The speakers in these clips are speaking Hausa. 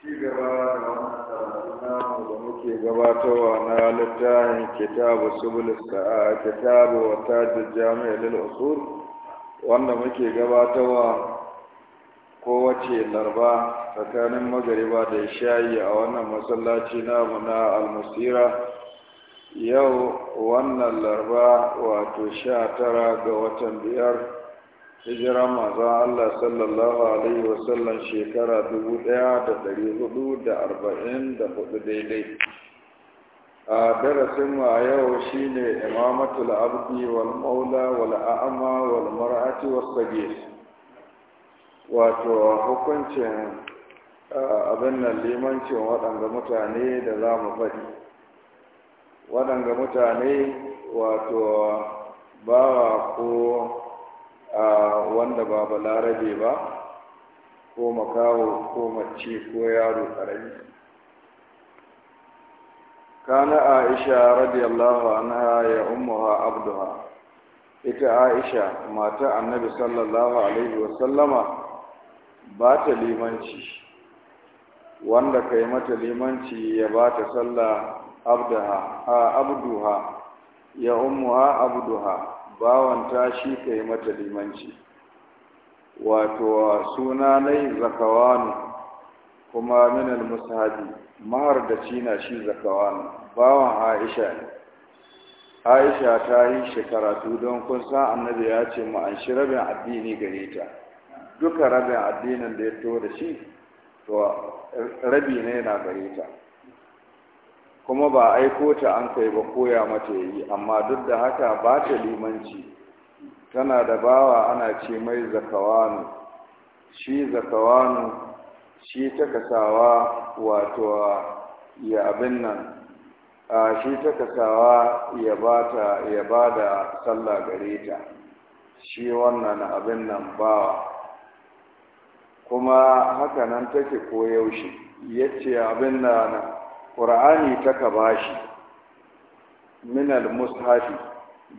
ci gaba muke na littafin kitabu subul sa'a kitabu wa tajid jami'a lil usul wanda muke gabatarwa kowace larba tsakanin magariba da shayi a wannan masallaci namu na almusira yau wannan larba wato sha tara ga watan biyar hijira manzon Allah sallallahu alaihi wasallam shekara dubu ɗaya da ɗari hudu da arba'in da hudu daidai a darasinmu a yau ne imamatul abdi wal maula wal a'ama wal mar'ati was sagir wato hukuncin abin nan limancin waɗanda mutane da za mu faɗi waɗanda mutane wato bawa ko wanda ba balarabe ba ko makawo ko mace ko yaro karami kana aisha radiyallahu anha ya ummuha abduha ita aisha mata annabi sallallahu alaihi wasallama ba ta limanci wanda kai mata limanci ya ba ta sallah abduha ya ummuha abduha bawanta shi ka yi mata limanci wato suna nai zakawanu kuma minal musahabi mahardaci na shi zakawanu bawan aisha ne aisha ta yi shi don kun san annabi ya ce mu an shi rabin addini gare ta duka rabin addinin da ya to shi to rabi ne na gare ta kuma ba aiko ta an kai ba koya mata yi amma duk da haka ba ta limanci tana da bawa ana ce mai zakawanu shi zakawanu shi ta kasawa wato ya abin nan a shi ta kasawa ya ta ya da sallah gare ta shi wannan abin nan bawa kuma haka nan take koyaushe yace abin nan Qur'ani ta ka bashi minal mushafi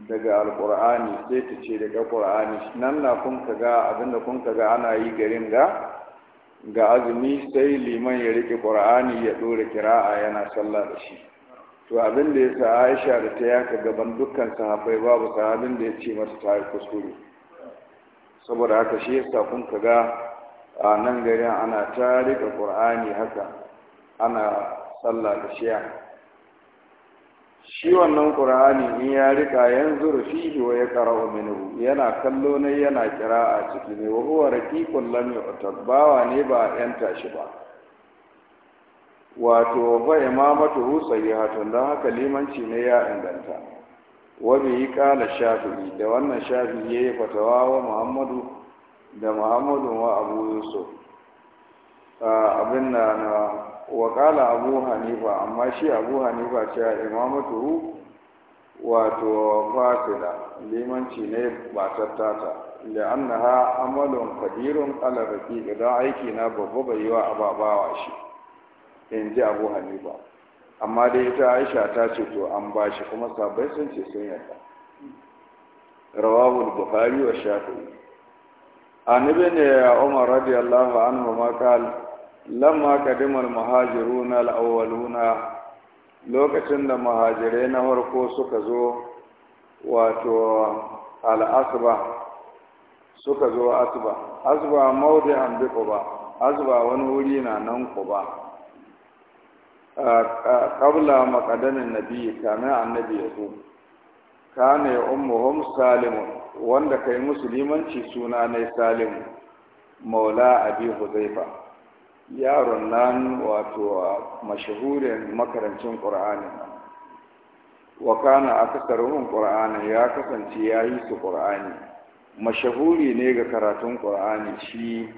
daga alƙur'ani sai ta ce daga ƙur'ani nan na kun ka ga abinda kun ka ga ana yi garin ga ga azumi sai liman ya rike ƙur'ani ya ɗora kira'a yana sallah da shi to abin da ya sa aisha da ta yaka gaban dukkan sahabbai babu sahabin da ya ce masa ta yi kuskure saboda haka shi yasa kun ka ga a nan garin ana ta rike ƙur'ani haka ana sallah da shiya shi wannan ƙur'ani in ya rika yanzu rufihi wa ya minhu yana kallo ne yana a ciki ne wa huwa raqiqun lam yu'tab ne ba yan tashi ba wato fa imamatu sayyihatun dan haka limanci ne ya inganta wa bi qala shafi'i da wannan shafi'i yayi fatawa wa muhammadu da muhammadu wa abu yusuf ah, abin na wa kala abu hanifa amma shi abu hanifa cewa imamatu wato fasila limanci ne ba tattata da annaha amalun kadirun ala rafiqa don aiki na babba bai yi wa ababawa shi in ji abu hanifa amma dai ita aisha ta ce to an ba shi kuma sabai sun ce sun yarda rawabul bukhari wa shafi'i an ibn umar radiyallahu anhu ma lamma kadimar na al'awwaluna lokacin da mahajirai na farko suka zo wato al'asba suka zo asba asba maudi an bi kuba asba wani wuri na nan kuba kabla makadanin nabi kamin annabi ya zo a ummuhum salimu wanda kai musulmanci suna ne salimu maula abi huzaifa yaron nan wato mashahurin makarancin ƙur'ani wa kana akasaruhum ƙur'ani ya kasance ya yi su ƙur'ani mashahuri ne ga karatun ƙur'ani shi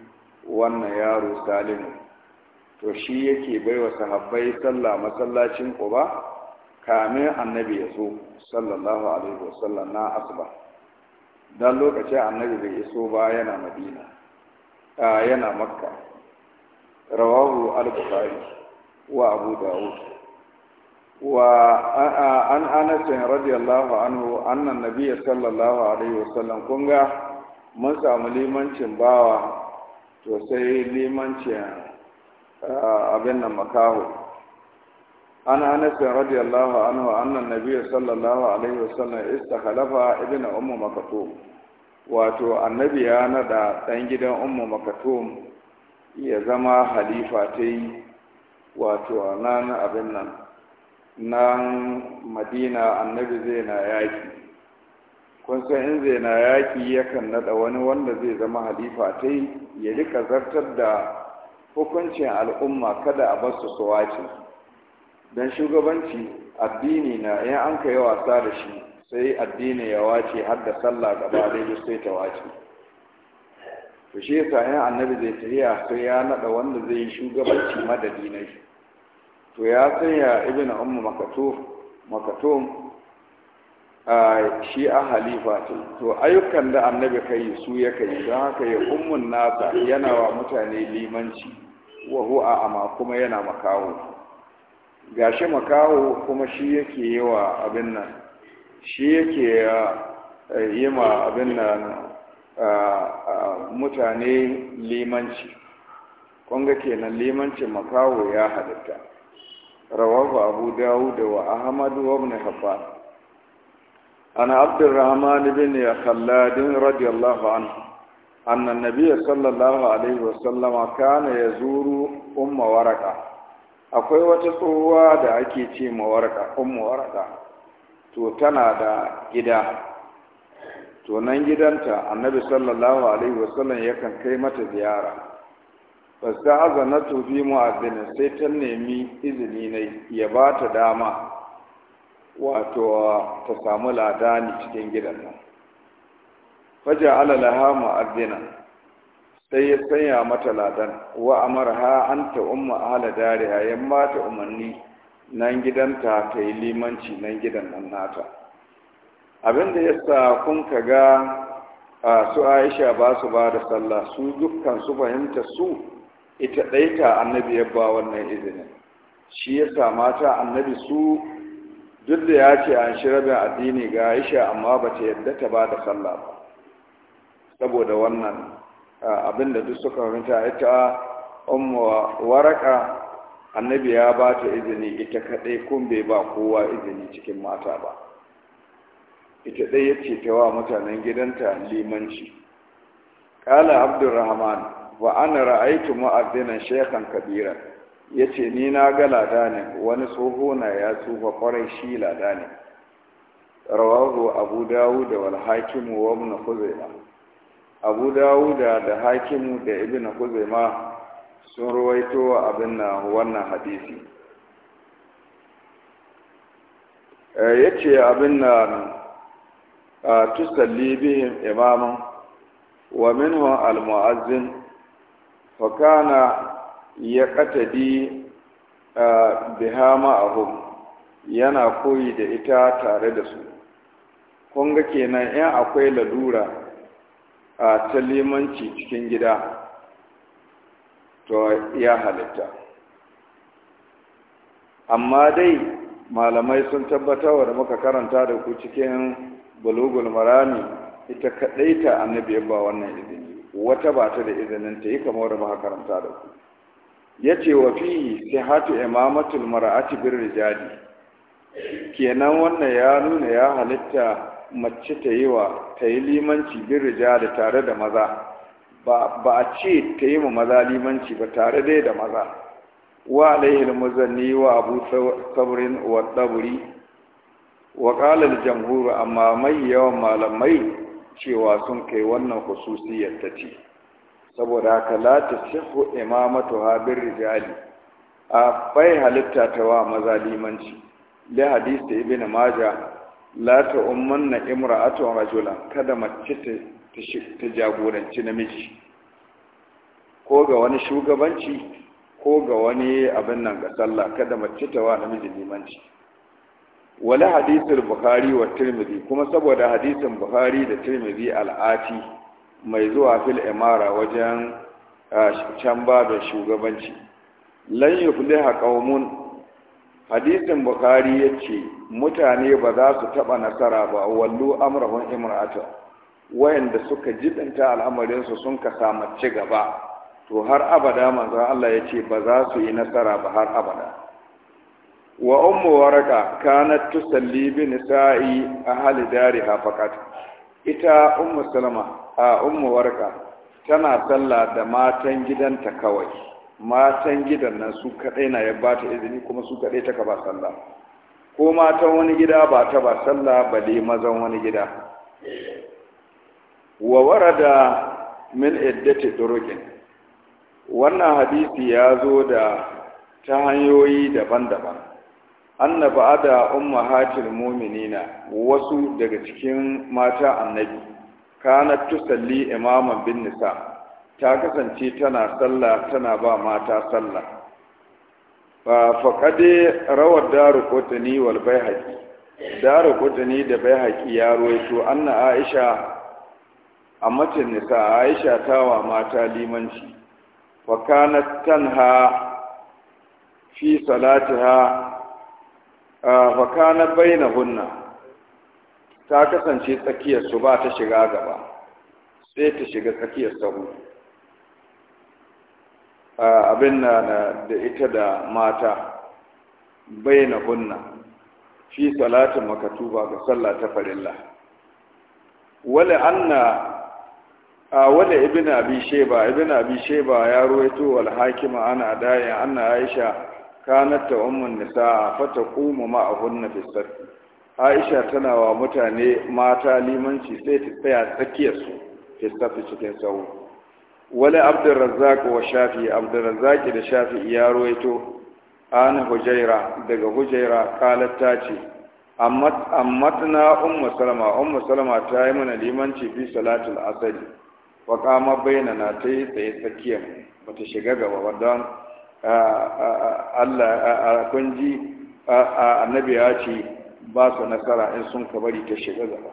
wannan yaro salimu to shi yake baiwa sahabbai sallah masallacin ƙuba kamin annabi ya so sallallahu alaihi wasallam na asuba dan lokacin annabi bai iso ba yana madina yana makka rawahu al wa abu dawud wa an anas radiyallahu anhu annan nabiy sallallahu alaihi wasallam kun ga mun samu limancin bawa to sai limancin abin nan makaho an anas radiyallahu anhu annan nabiy sallallahu alaihi wasallam istakhalafa ibnu ummu maktum wato annabi ya da ɗan gidan ummu maktum ya zama halifa ta yi wato nan abin nan nan madina annabi zai na yaki kun san in zai na yaki yakan naɗa wani wanda zai zama halifa ta yi ya rika zartar da hukuncin al'umma kada a basu su wace don shugabanci addini na in an ka yi wasa da shi sai addini ya wace har da sallah gaba daidai sai ta wace to shi yasa ne annabi zai tafiya sai ya nada wanda zai yi shugabanci madadi na shi to ya sanya ibn ummu makatum makatum a shi a halifa ce to ayyukan da annabi kai su ya kai don haka ya ummun nasa yana wa mutane limanci wa huwa amma kuma yana makaho gashi makaho kuma shi yake yi wa abin nan shi yake yi abin nan mutane limanci ƙunga kenan limanci makawo ya halitta rawahu abu dawud wa ahmad wa ibn hibban an abdurrahman ibn khallad radiyallahu anhu أن النبي sallallahu alaihi عليه kana ya يزور أم ورقة akwai wata tsohuwa da ake ce ma warka waraka to tana da gida to nan gidanta annabi sallallahu alaihi wasallam yakan kai mata ziyara fasta azanatu bi mu'adhdhin sai ta nemi izini ne ya ba ta dama wato ta samu ladani cikin gidan nan faja ala laha mu'adhdhina sai ya sanya mata ladan wa amarha anta umma ala dariha yamma ta umanni nan gidanta ta yi limanci nan gidan nan nata abin da ya sa kun ka ga su aisha ba su ba da sallah su dukkan su fahimta su ita ɗaita annabi ya ba wannan izinin shi ya sa mata annabi su duk da ya ce an shi rabin addini ga aisha amma ba ta yadda ta ba da sallah ba saboda wannan abin da duk suka fahimta ita ummu waraka annabi ya ba ta izini ita kaɗai kun bai ba kowa izini cikin mata ba ita ɗaya yace ce ta wa mutanen gidanta limanci ƙala abdurrahman wa ana ra'aitu mu'addinan shaykhan kabira ya ni na ga ladanin wani tsoho na ya tsufa kwarai shi ladanin rawahu abu dawud wal hakim wa ibn khuzaima abu dawud da hakimu da ibn khuzaima sun ruwaito abin na wannan hadisi eh, yace abin na tusalli bihim imaman wa minhu almu'azzin fa kana yaqtadi biha ma'ahum yana koyi da ita tare da su kun ga kenan in akwai lalura a ta limanci cikin gida to ya halitta amma dai malamai sun tabbatar da muka karanta da ku cikin balogul marami ita kadai ta annabi ba wannan izini wata ba ta da izinin ta yi kamar da karanta da ku yace wa fihi sihatu imamatul mar'ati bir rijali kenan wannan ya nuna ya halitta mace ta yi wa ta yi limanci bir rijali tare da maza ba a ce ta yi ma maza limanci ba tare dai da maza wa alaihi muzanni wa abu sabrin wa daburi wa ƙalar jamhur amma mai yawan malamai cewa sun kai wannan hususiyar ta ce saboda haka la ta sihu imamatu habir rijali a bai halitta ta wa maza limanci da hadisi ibn maja la ta ummanna imra'atu rajula kada mace ta jagoranci namiji ko ga wani shugabanci ko ga wani abin nan ga sallah kada mace ta wa namiji limanci wala hadisul bukhari wa tirmidhi kuma saboda hadisin bukhari da tirmidhi al'ati mai zuwa fil imara wajen can da shugabanci lan yufliha qaumun hadisin bukhari yace mutane ba za su taba nasara ba wallo amrahun imratu wayanda suka jidanta al'amarin su sun ka samu ci gaba to har abada manzo Allah yace ba za su yi nasara ba har abada wa ummu waraka kanat tusalli bi nisa'i ahli dariha faqat ita ummu salama a ummu waraka tana sallah da matan gidanta kawai matan gidan nan su kadai na ya bata izini kuma su kadai ta ba sallah ko matan wani gida ba ta ba sallah bale mazan wani gida wa warada min iddati turuqin wannan hadisi ya zo da ta hanyoyi daban-daban anna ba'ada ummahatil mu'minina wasu daga cikin mata annabi kana tusalli imaman bin nisa ta kasance tana sallah tana ba mata sallah fa faqade rawad daru qutni wal bayhaqi daru qutni da bayhaqi ya ruwaito anna aisha a nisa aisha ta wa mata limanci wa kanat tanha fi salatiha Ah, bai na hunna ta kasance tsakiyar su ba ta shiga gaba sai ta shiga tsakiyar sahu ah, abin na da ita da mata na hunna fi salatin makatuba ga sallah ta farilla wale anna a ah, wale ibn abi sheba ibn abi sheba ya ruwaito wal hakima ana adaya anna aisha kanat ta ummun nisa fa ta ma ahunna fi safi Aisha tana wa mutane mata limanci sai ta tsaya tsakiyar su fi safi cikin sahu wala razzaq wa Shafi razzaq da Shafi ya roito an hujaira daga hujaira kalat ta ce ammatna ummu salama ummu salama ta yi mana limanci fi salatul asali wa kama bainana ta yi tsaye tsakiyar bata shiga gaba don Allah kun ji annabi ya ce ba su nasara in sun ka bari ta shiga gaba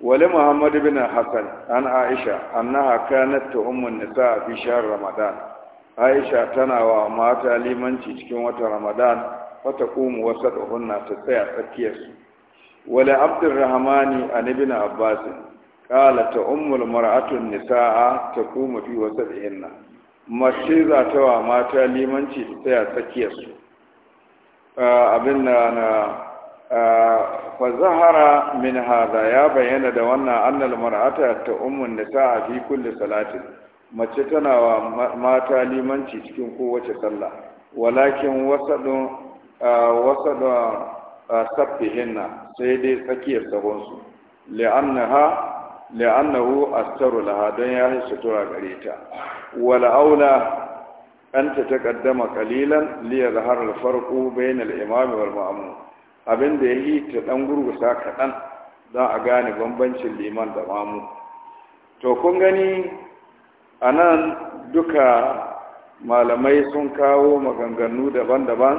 wali muhammad bin Hassan, an aisha annaha kanat ta ummun nisa a bishiyar ramadan aisha tana wa mata limanci cikin watan ramadan wata qumu wasatuhunna ta tsaya tsakiyarsu wali abdurrahmani an ibn abbas qala ta ummul mar'atun nisaa taqumu fi mace za ta wa mata limanci ta tsaya tsakiyarsu abin da na fa zahara min hada ya bayyana da wannan annal mar'ata ta ummun a fi kulli salatin mace tana wa mata limanci cikin kowace sallah walakin wasadun wasadun sabbihinna sai dai tsakiyar sabonsu li'annaha la'annahu astaru laha don ya yi sutura gare ta Wala aula an ta taqaddama qalilan li yadhhar al farqu bayna al imam wal ma'mum abin da yayi ta dan gurgusa kaɗan za a gane bambancin liman da mamu to kun gani anan duka malamai sun kawo maganganu daban-daban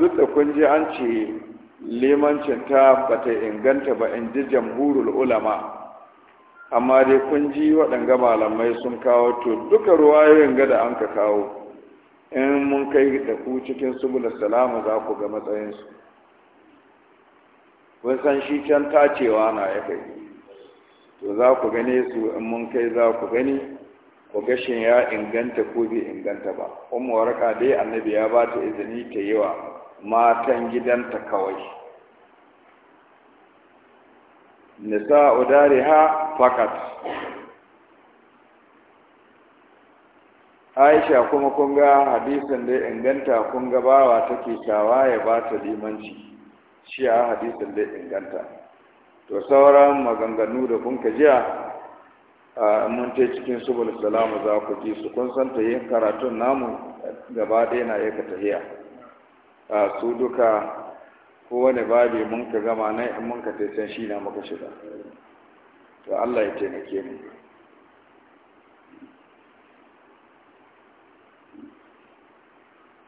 duk da kun ji an ce limancin ta bata inganta ba in ji jamhurul ulama amma dai kun ji waɗanga malamai sun kawo to duka ruwayoyin gada an ka kawo in mun kai da ku cikin subula salama za ku ga matsayinsu kun san shi can tacewa na ya kai to za ku gane su in mun kai za ku gani ku gashin ya inganta ko bai inganta ba Kuma waraka dai annabi ya ba ta izini ta yi matan gidanta kawai nisa ha fakat aisha kuma kunga ga hadisin da inganta kun ga bawa take shawa ya ba ta limanci shi a hadisin da inganta to sauran maganganu da kun ka jiya a mun ta cikin subul salamu za ku ji su kun san ta yin karatun namu gaba ɗaya na yaka tahiya su duka wani babi mun ka gama na in mun ka taisan shi na muka shiga to Allah ya taimake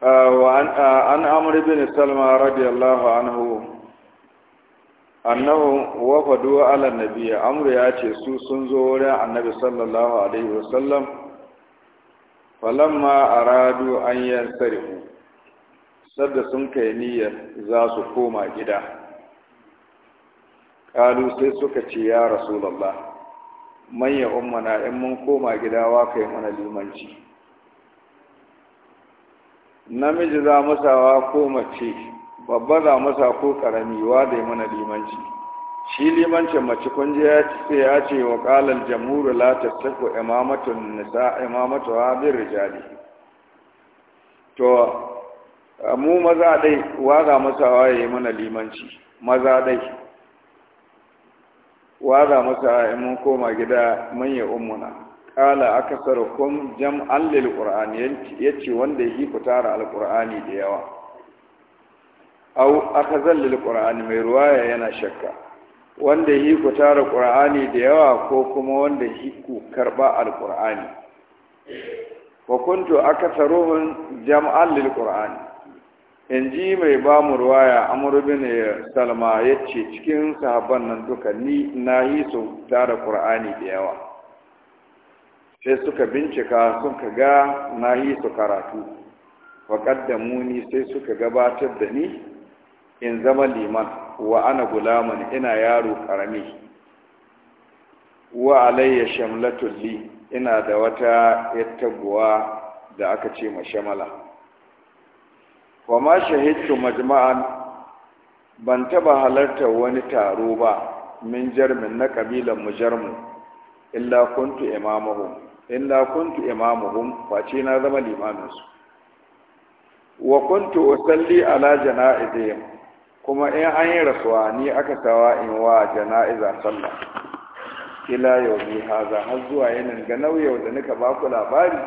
mu an amr bin salma radiyallahu anhu annahu wafadu ala nabiy amr ya ce su sun zo wurin annabi sallallahu alaihi wasallam falamma aradu an yansarihu sadda sun kai niyyar za su koma gida kalu sai suka ce ya rasulallah manya ummana in mun koma gida wa kai mana limanci namiji za masawa ko mace babba za masa ko karami wa da mana limanci shi limancin mace kun je ya ce ya ce wa qalal jamhur la tasaku imamatun nisa imamatu hadir rijali to mu maza dai waza masawa ya yi mana limanci maza dai waza masa in mun koma gida mun yi ummuna kala akasarukum jam'an lil qur'an yace wanda yake fitara alqur'ani da yawa au akazal lil qur'an mai ruwaya yana shakka wanda yake fitara qur'ani da yawa ko kuma wanda yake karba alqur'ani wa kuntu akasaruhum jam'an lil qur'an in ji mai ba mu ruwaya amurbin ya salma ya ce cikin sahabban nan duka ni na yi su tara ƙur'ani da yawa sai suka bincika suka ga na yi su karatu faƙad da muni sai suka gabatar da ni in zama liman wa ana gulaman ina yaro ƙarami wa alayya shamlatulli ina da wata yattaguwa da aka ce ma shamala wa ma shahidtu majma'an ban taba halarta wani taro ba min jarmin na kabilan mu illa kuntu imamuhum illa kuntu imamuhum face na zama limamin su wa kuntu usalli ala jana'izihim kuma in an yi rasuwa ni aka tawa in wa jana'iza sallah ila yaumi haza har zuwa yanin ga nauyau da nika baku labari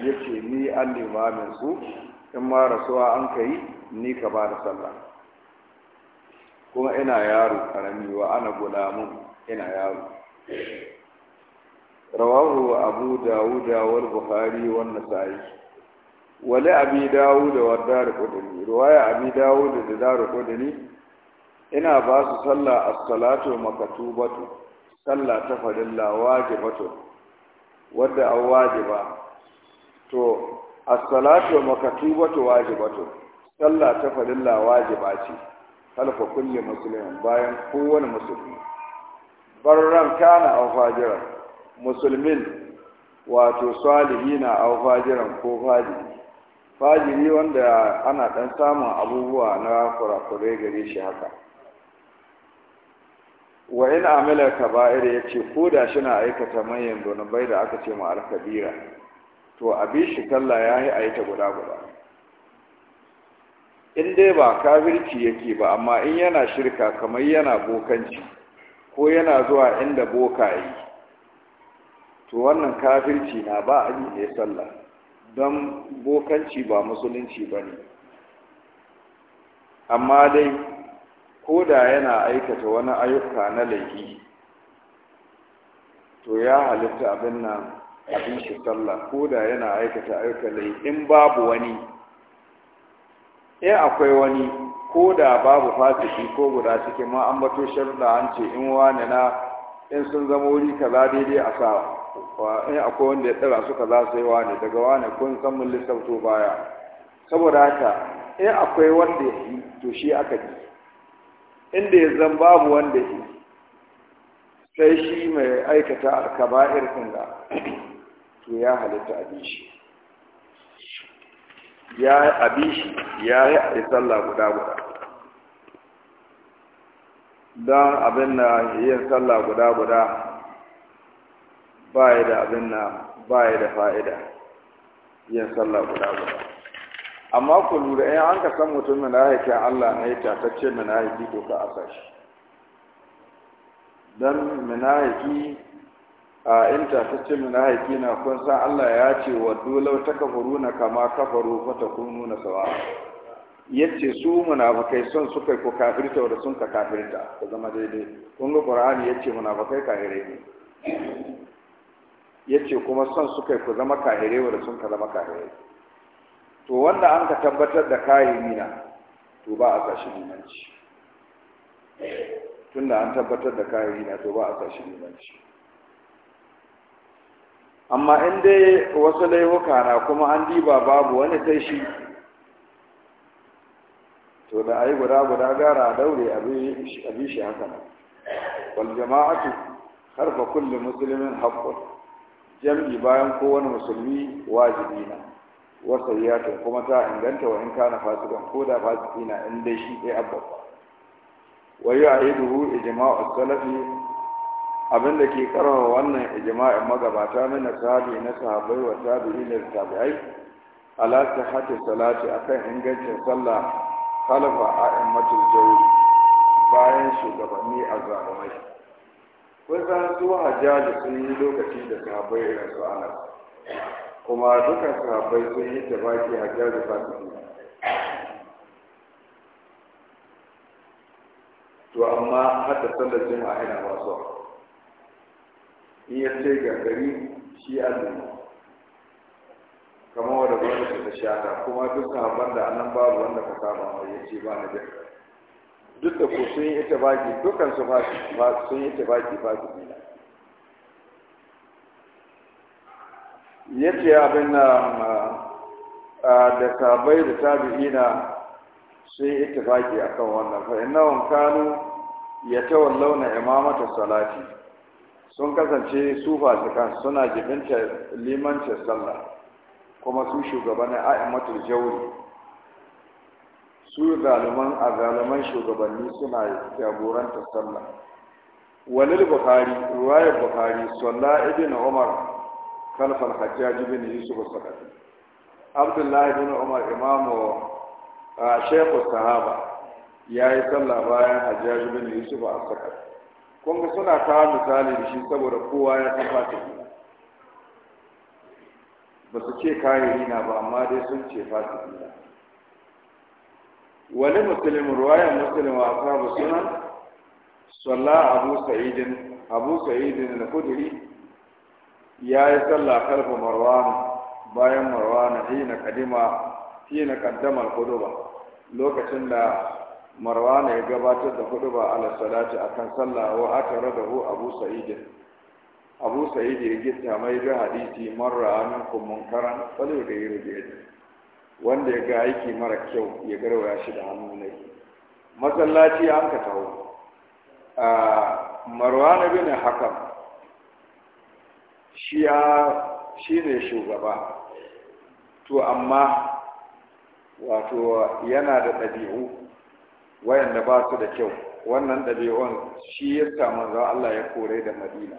yace ni an limamin su in ma rasuwa an ka yi ni ka ba da sallah kuma ina yaro karami wa ana gulamun ina yaro rawahu abu dawud wal bukhari wan nasa'i wali abi dawud wa dar qudni riwaya abi dawud da dar qudni ina ba su sallah as-salatu makatubatu sallah ta fadilla wajibatu wadda awajiba to as-salatu makatubatu wajibatu sallah ta fadilla wajiba ce halfa kulli muslimin bayan kowane musulmi barran kana aw fajiran musulmin wato salihina aw fajiran ko fajiri fajiri wanda ana dan samun abubuwa na kurakure gare shi haka wa in amila kaba'ir yace ko da shi na aikata manyan zunubai da aka ce ma al to abin shi kalla ya yi a ta guda guda in dai ba kafirci yake ba amma in yana shirka kamar yana bokanci ko yana zuwa inda boka yi to wannan kafirci na ba a yi ne sallah don bokanci ba musulunci ba ne amma dai ko da yana aikata wani ayyuka na laifi to ya halitta abin nan abin shi sallah ko da yana aikata aikalai in babu wani in akwai wani ko da babu fasiki ko guda cikin ma an bato sharuɗa an ce in wani na in sun zama wuri kaza daidai a sa in akwai wanda ya tsira su kaza sai wani daga wani kun san mun lissafto baya saboda haka in akwai wanda ya yi to shi aka ji inda ya zan babu wanda ya yi sai shi mai aikata alkaba'ir ɗin da to ya halitta abin shi ya abin shi ya yi a sallah guda guda don abin na yin sallah guda guda ba ya da abin na ba ya da fa'ida yin sallah guda guda amma ku lura yin an ka san mutum manahikin allah na yi tatacce manahiki ko ka asa shi don haiki a ta ce mina haiki na kun san Allah ya ce wa dolau ta kafaru na kama kafaru ta kunu na sawa ya ce su munafakai son suka ko kafirta wadda sun ka kafirta ku zama daidai kun ga qur'ani ya ce munafakai kahire ne ya ce kuma son suka ko ku zama kahire wadda sun ka zama kahire to wanda an ka tabbatar da kayi na to ba a sashi limanci tunda an tabbatar da kayi na to ba a sashi limanci amma in dai wasu laifuka na kuma an diba babu wani sai shi to da ayi guda guda gara a daure a bi shi haka nan wal jama'atu harfa kulle musulmin haqqun jam'i bayan kowane musulmi wajibi na wasa kuma ta inganta wa in kana fasikan ko da fasiki na in dai shi ɗaya abba yi duhu ijima'u salafi abin da ke karawa wannan ijma'in magabata na nasabi na sahabbai wa tabi'i da tabi'ai ala sihhati salati akan ingancin sallah khalafa a'immatul jawi bayan shugabanni azzalumai kun san su hajjaji sun yi lokaci da sahabbai irin su ana? kuma dukkan sahabbai sun yi tabaki hajjaji fasiki to amma hadda sallar jima'a ina ba su in ya ce ga gari shi azumi kamar wadda gwamnati ta shata kuma duk sahabban da annan babu wanda ka saba mai ya ce ba na jin duk da ku sun yi ita baki dukkan su sun yi ita baki baki ne ya ce abin na da sabai da tabi'ina sun yi ita a akan wannan fa innahum kanu na imamata salati sun kasance su fasikan suna jibinta limancin sallah kuma su shugabannin a'immatul jawri su zaluman azaluman shugabanni suna jagoranta sallah walil bukhari ruwayar bukhari salla ibn umar kalfal hajjaj ibn yusuf sakafi abdullahi ibn umar imamu uh, shaykhu sahaba yi sallah bayan hajjaj ibn yusuf sakafi kun suna kawo misali da shi saboda kowa ya san fasiki ba su ce kayan na ba amma dai sun ce fasiki na wani musulmi ruwayan musulmi a sabu sunan salla abu sa'idin abu sa'idin da kuduri ya yi sallah karfa marwan bayan marwan hina kadima hina kaddamar ba, lokacin da marwana ya gabatar da hudu ba ala salati akan sallah wa aka radahu abu sa'id abu sa'id ya gitta mai da hadisi marra min kun munkaran falu da yiri wanda ya ga aiki mara kyau ya garwaya shi da hannu ne masallaci an ka taho. a marwana bin hakan, shi ya shi ne shugaba to amma wato yana da ɗabi'u wayanda ba su da kyau wannan ɗabi'un shi ya samu za Allah ya kore da madina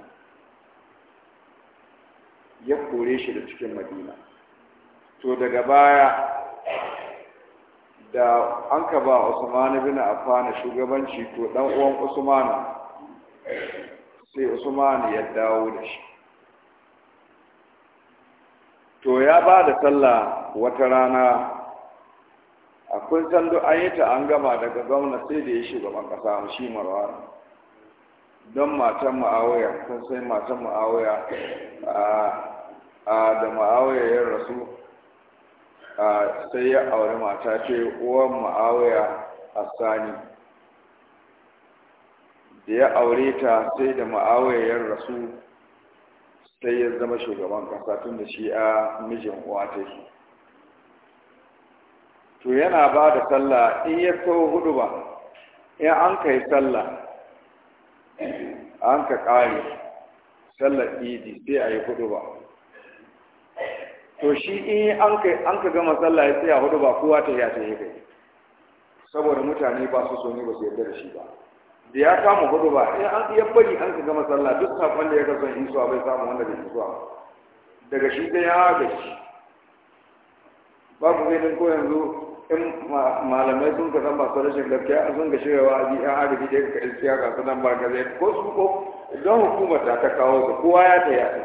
ya kore shi da cikin madina to daga baya da an ka ba usman ibn affan shugabanci to dan uwan usman sai usman ya dawo da shi to ya ba da sallah wata rana a kun san duk an yi ta an gama daga gwamna sai da ya shugaban kasa shi marwan don matan ma'awaya kun sai matan ma'awaya a da ma'awaya ya rasu sai ya aure mata ce uwan ma'awaya a sani da ya aure ta sai da ma'awaya ya rasu sai ya zama shugaban kasa tun da shi a mijin uwa take to yana ba da sallah in ya so hudu ba in an ka yi sallah an ka ƙare sallar idi sai a yi hudu ba to shi in an ka gama sallah sai a hudu ba kowa ta ya ta yi kai saboda mutane ba su so ne ba su yarda da shi ba da ya kama hudu ba in an iya bari an ka gama sallah duk sakon da ya kasan isuwa bai samu wanda bai isuwa daga shi sai ya ku babu ganin ko yanzu in malamai sun ka san masu rashin gaskiya sun ga shirya ya yan arabi da ka ilkiya ga nan ba ka zai ko su ko don hukumar ta ta kawo ka, kowa ya ta yaɗa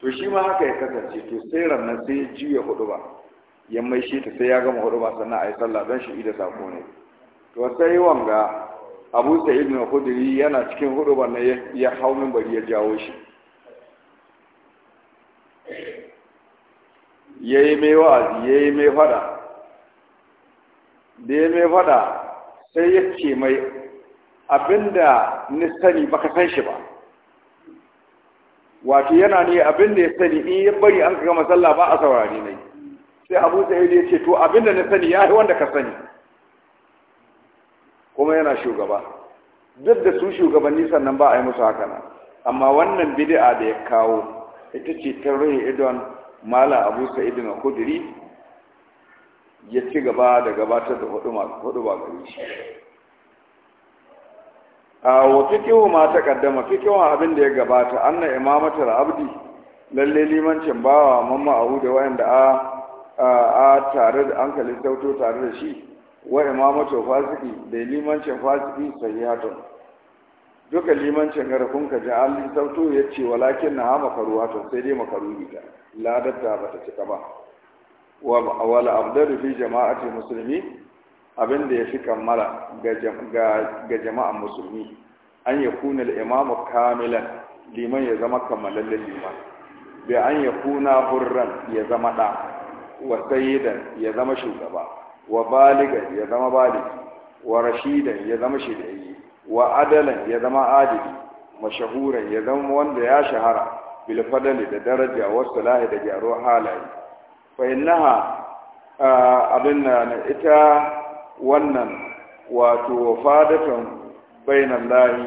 to shi ma haka ya kasance to sai rannan sai ya juya hudu ba ya mai shi ta sai ya gama hudu ba sannan a yi sallah don shi da sako ne to sai wanga abu sa'id ibn kudiri yana cikin hudu ba na ya hau min bari ya jawo shi ya yi mai wa'azi ya yi mai fada da ya mai fada sai ya ce mai abinda ni sani baka san shi ba wato yana ne abinda ya sani in ya bari an kaga masalla ba a saurari ne sai abu sai ya ce to abinda ni sani ya yi wanda ka sani kuma yana shugaba duk da su shugabanni sannan ba a yi musu haka nan amma wannan bid'a da ya kawo ita ce ta rai idon mala abu sa'idin a kudiri ya ci gaba da gabatar da hudu ba gari shi a wata kiwo ma ta kaddama fi kiwon abin da ya gabata anna imamatar abdi lalle limancin bawa mamma abu da wayanda a tare da an kalli sautu tare da shi wa imamatar fasiki da limancin fasiki sahihatun duka limancin garafin ka ji an sautu ya ce walakin na makaruwa to sai dai makaruhi ta Ladatta ba ta cika ba wala abdalu fi jama'ati musulmi Abinda ya fi kammala ga jama'an musulmi an ya kuna imamu kamilan liman ya zama kammalallen liman bai an ya kuna hurran ya zama ɗa wa sayyidan ya zama shugaba wa baligan ya zama baligi wa rashidan ya zama shidai wa adalan ya zama adili mashahuran ya zama wanda ya shahara bil fadali da daraja wa salahi da gyaruwar halaye fa innaha abin na ita wannan wato wafadatan bainan lahi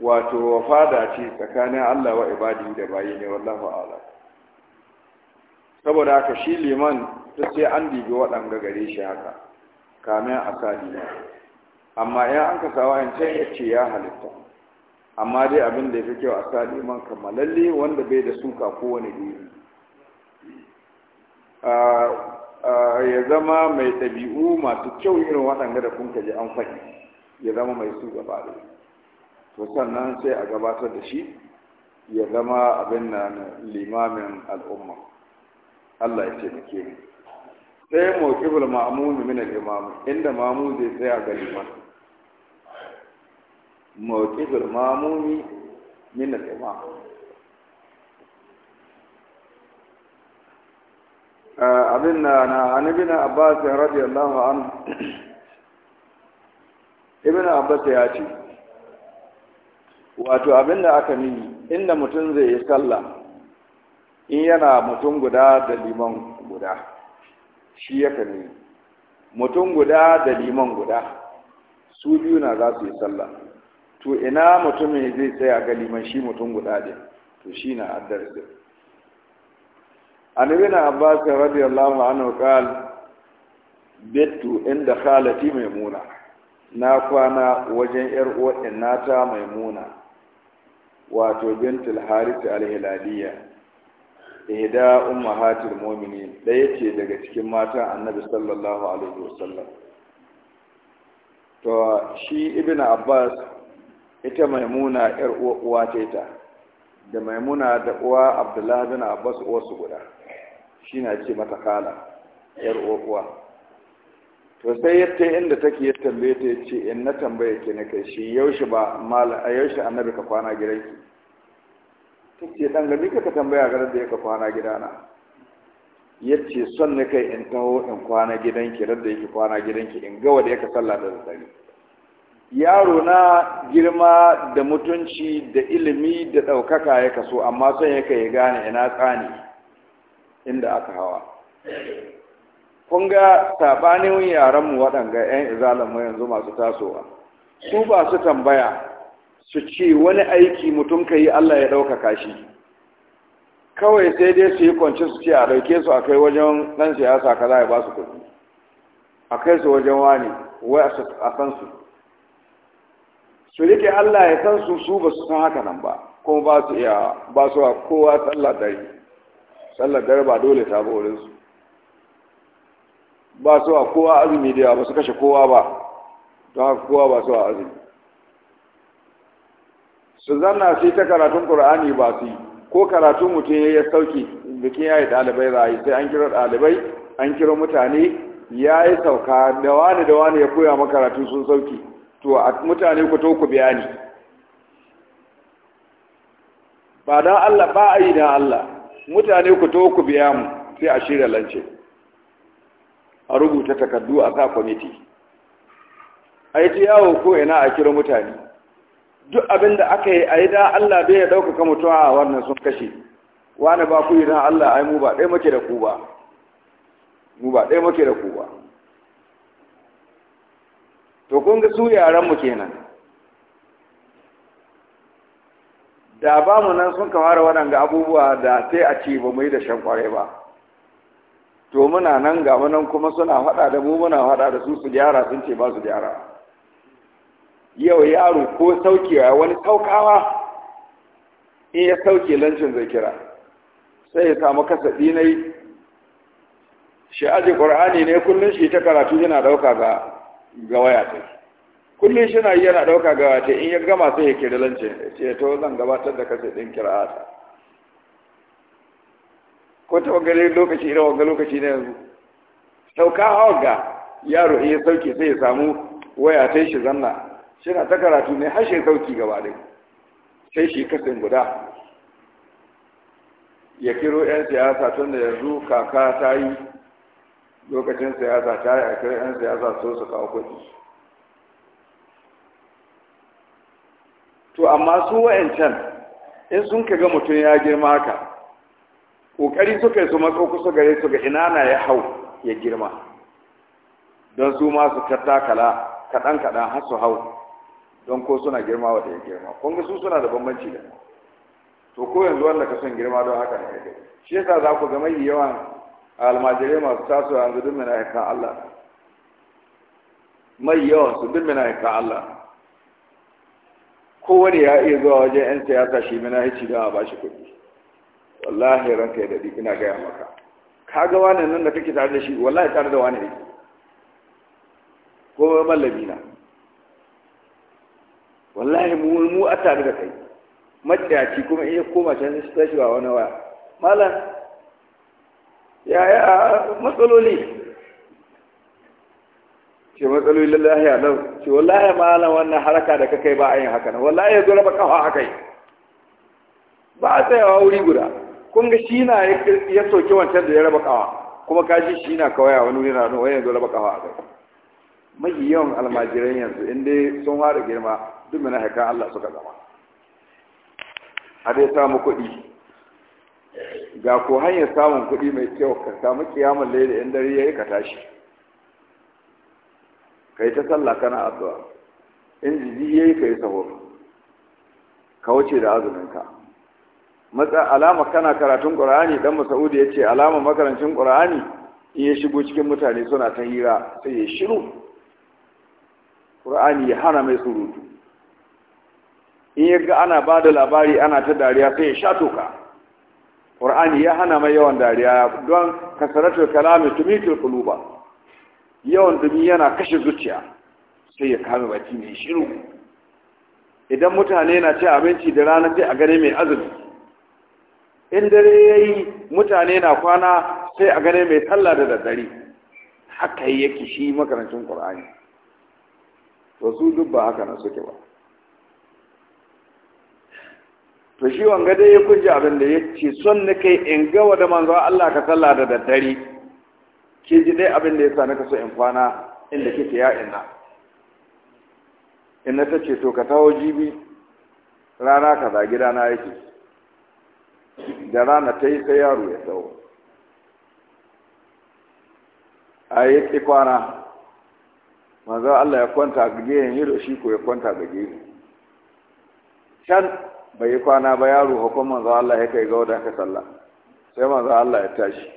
wato wafada ce tsakanin Allah wa ibadi da bayi ne wallahu a'lam saboda haka shi liman duk sai an dibi waɗanga gare shi haka kamin a amma ya an ka sawa in can ya ya halitta amma dai abin da ya fi kyau a man kammalalle wanda bai da suka kowane iri ya zama mai ɗabi'u masu kyau irin waɗanda da kun ji an faɗi ya zama mai su gaba da to sannan sai a gabatar da shi ya zama abin na limamin al'umma Allah ya taimake mu sai kibul ma'mum min al-imam inda mamu zai tsaya ga liman mawqifil mamumi min al-imam abin na na anibin abbas radiyallahu anhu ibn abbas ya ce wato abin da aka nini inda mutum zai yi sallah in yana mutum guda da liman guda shi yaka nini mutum guda da liman guda su biyu na za su yi sallah to ina mutumin zai tsaya ga liman shi mutum guda ne to shi na addarsa an ibn abbas radiyallahu anhu qal bitu inda khalati maimuna na kwana wajen yar uwar nata maimuna wato bintul harith al-hilaliya ihda ummahatil mu'minin da ce daga cikin matan annabi sallallahu alaihi wasallam to shi ibnu abbas ita maimuna yar uwa ce ta da maimuna da uwa abdullahi bin abbas uwarsu guda shi na ce mata kala yar uwa to sai yatta inda take ya tambaye ta ce in na tambaye ki na kai shi yaushe ba mal a yaushe annabi ka kwana gidanki ce dan gani ka tambaya ga da yake kwana gidana yace son na kai in taho in kwana gidanki radda yake kwana gidanki in ga wanda yake sallah da dare yaro na girma da mutunci da ilimi da ɗaukaka ya kaso amma son yaka ya gane ina tsani inda aka hawa kun ga saɓanin yaranmu waɗanga 'yan izalinmu yanzu masu tasowa su ba su tambaya su ce wani aiki mutum ka yi allah ya ɗaukaka shi kawai sai dai su yi kwanci su ce a ɗauke su a kai wajen ɗan siyasa kaza ya ba su kuɗi a kai su wajen wani wai a san su su rike Allah ya san su su ba su san haka nan ba kuma ba su iya ba su a kowa sallar dare sallar dare ba dole ta ba wurin su ba su a kowa azumi da ba su kashe kowa ba don haka kowa ba su a azumi su zanna sai ta karatun qur'ani ba su yi, ko karatun mutum ya sauki bikin ya yi ɗalibai rayu sai an kira ɗalibai an kira mutane ya yi sauka da wani da wani ya koya makaratu sun sauki to mutane ku to ku bayani ba dan Allah ba a yi dan Allah mutane ku to ku biya mu sai a shirya lance a rubuta takardu a sa kwamiti a yi ta yawo ko ina a kira mutane duk abin da aka yi a yi dan Allah bai ya ɗaukaka mutuwa a wannan sun kashe wani ba ku yi dan Allah ai mu ba ɗaya muke da ku ba mu ba ɗaya muke da ku ba to kun ga su yaranmu kenan da ba mu nan sun ka fara waɗanga abubuwa da sai a ce ba mu yi da shan kwarai ba to muna nan ga nan kuma suna faɗa da mu muna faɗa da su su gyara sun ce ba su gyara yau yaro ko saukewa wani saukawa in ya sauke lancin zai kira sai ya samu kasafi na yi shi aji ƙur'ani ne kullum shi ta karatu yana ɗauka ga ga waya ta kullum shi yi yana ɗauka gawa ta in ya gama sai ya kira lance ce to zan gabatar da kasa ɗin kira ta ko ta wangare lokaci irin wanga lokaci na yanzu sauka hawa ga yaro in ya sauke sai ya samu waya ta shi zanna shina ta karatu ne hashe sauki gaba ɗin sai shi kasin guda ya kiro 'yan siyasa tun da yanzu kaka ta yi lokacin siyasa ta yi akwai 'yan siyasa so su kawo kudi. to amma su wa'ancan in sun kaga mutum ya girma ka ƙoƙari suka yi su matso kusa gare su ga ina na ya hau ya girma don su ma su tattakala kaɗan-kaɗan har su hau don ko suna girma wata ya girma kun su suna da bambanci da to ko yanzu wanda ka son girma don haka ne shi yasa za ku ga mai yawan almajire masu tasowa yanzu duk mina yakan Allah mai yawan su duk mina yakan Allah kowane ya iya zuwa wajen 'yan siyasa shi mina hici da a bashi kuɗi wallahi ranka ya daɗi ina gaya maka ka ga wani nan da kake tare da shi wallahi tare da wani ne ko mallami na wallahi mu mu a tare da kai maciyaci kuma iya koma can sai shi wa wani waya malam yaya matsaloli ce matsaloli lallahi a nan ce wallahi malam wannan haraka da kakai ba a yin haka nan wallahi ya zo raba kafa a kai ba a tsayawa wuri guda kun ga shi na ya soke wancan da ya raba kawa kuma kashi shi na kawai a wani wuri na wani ya zo raba kawa a kai mafi yawan almajiran yanzu in dai sun fara girma duk mana haka Allah suka zama a dai samu kuɗi ga ko hanyar samun kuɗi mai kyau ka samu kiyamun laili yan dare yi ka tashi Ka yi ta sallah kana addu'a in jiji ka yi sahur ka wuce da azumin ka matsa alama kana karatun qur'ani dan masaudi ce alama makarancin qur'ani in ya shigo cikin mutane suna ta hira sai ya shiru qur'ani ya hana mai surutu in ya ga ana ba da labari ana ta dariya sai ya sha toka qur'ani ya hana mai yawan dariya don kasaratul kalami tumitul quluba yawan dumi yana kashe zuciya sai ya kame baki mai shiru idan mutane na ci abinci da rana sai a gane mai azumi in dare yayi mutane na kwana sai a gane mai sallah da daddare haka yake shi makarancin qur'ani to su duk ba haka na suke ba to shi wanga dai ya kunji abin da ya ce son na kai in gawa da manzo Allah ka sallah da daddare ke ji dai abin da ya sa naka so in kwana inda kike ya inna inna ta ce to ka tawo jibi rana kaza gidana yake da rana ta yi sai yaro ya tawo a yi ƙi kwana manzo Allah ya kwanta ga gehen hiro shi ko ya kwanta ga gehen can bai yi kwana ba yaro hukun manzo Allah ya kai ga ka sallah sai manzo Allah ya tashi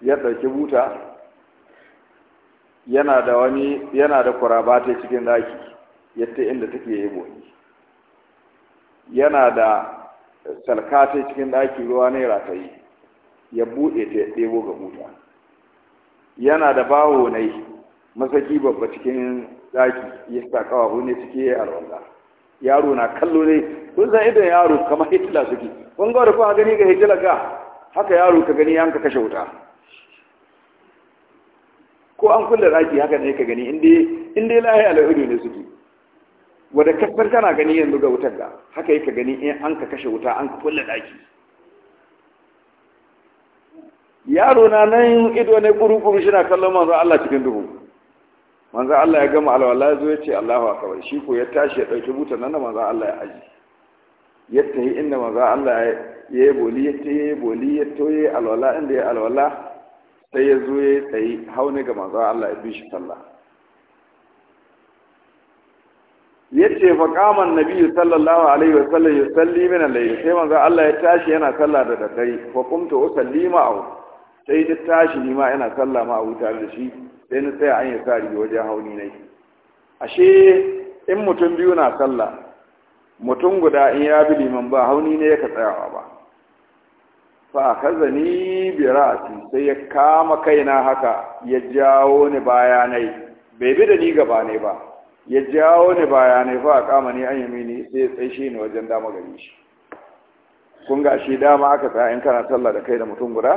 ya dauki buta yana da wani yana da kuraba ta cikin daki yadda inda take yi boyi yana da salka ta cikin daki ruwa ne ratayi ya buɗe ta ya ga buta yana da bawo ne masaki babba cikin daki ya sa kawahu ne cike alwallah yaro na kallo ne kun san idan yaro kamar hitila suke kun ga da kuma gani ga hitila ga haka yaro ka gani yanka kashe wuta ko an kulle raki haka ne ka gani inda inda lahi al'udu ne suke wanda kafar kana gani yanzu ga wutar ga haka yake gani in an ka kashe wuta an ka kulle raki yaro na nan ido ne guru guru shi na kallon manzo Allah cikin duhu manzan Allah ya gama alwala ya zo ya ce Allahu akbar shi ko ya tashi ya ɗauki buta nan da manzan Allah ya aji ya yi inda manzan Allah ya yi boli ya tafi ya yi boli ya tafi alwala inda ya alwala sai ya zo ya yi tsaye hauni ga manzan Allah ya bishi sallah ya ce fa kaman nabi sallallahu alaihi wa sallam ya salli min al-layl sai manzan Allah ya tashi yana sallah da daddare fa kumtu usallima au sai ya tashi ni ma sallama sallah a wuta da shi sai na tsaya an yi riga wajen hauni na ashe in mutum biyu na sallah mutum guda in ya bi liman ba hauni ne ka tsayawa ba fa kaza ni bi cikin sai ya kama kaina haka ya jawo ni bayanai bai bi da ni gaba ne ba ya jawo ni bayanai fa kama ni an yamini sai ya shi ni wajen dama gari shi kun ga shi dama aka tsaya in kana sallah da kai da mutum guda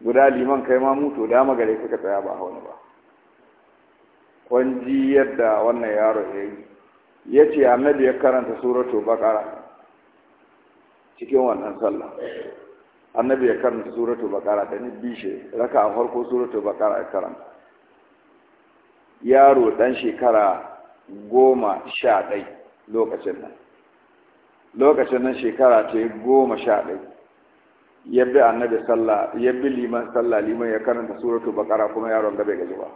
guda liman kai ma mutu dama gare ka ka tsaya ba hauni ba kun ji yadda wannan yaro ya yi ya ce annabi ya karanta suratul baqara cikin wannan sallah annabi ya karanta suratul baqara da ni bishe raka a farko suratul baqara ya karanta yaro dan shekara goma sha ɗai lokacin nan lokacin nan shekara ta yi goma sha ɗai ya bi annabi sallah ya liman sallah liman ya karanta suratul baqara kuma yaron bai gaji ba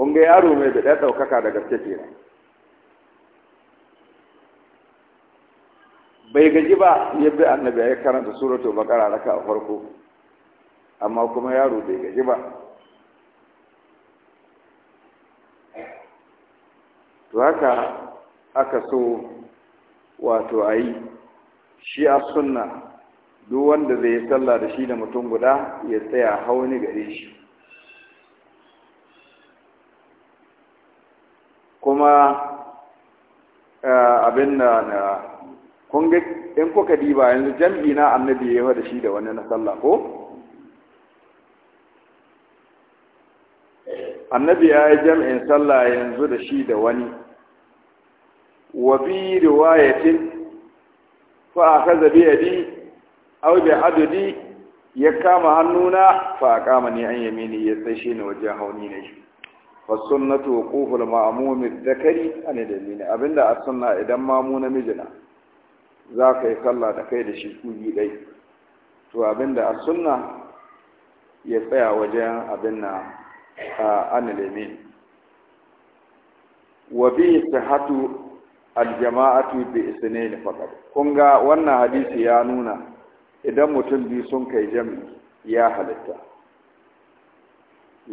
kun ga yaro mai da ɗaukaka da gaske kenan bai gaji ba ya bi annabi ya karanta suratu bakara raka a farko amma kuma yaro bai gaji ba to haka aka so wato a yi shi a sunna duk wanda zai yi sallah da shi da mutum guda ya tsaya ni gare shi kuma eh, abin na na kun ga in kuka diba yanzu jam'i na annabi ya yi da shi da wani na sallah ko annabi ya yi jam'in sallah yanzu da shi da wani wa bi riwayatin fa akhadha bi yadi aw bi adadi ya kama hannuna fa kama ni an yamini ya tsaye ni wajen hauni ne والسنة وقوف المأموم الذكري عن اليمين أبن السنة إذا مامو نمجنا ذاك يصلى دكيد شكوي لي to abin da a sunna ya tsaya wajen abin na anilemi wa bi sihatu aljama'atu bi isnaini faqat kun ga wannan hadisi ya nuna idan mutum biyu sun kai jami'i ya halitta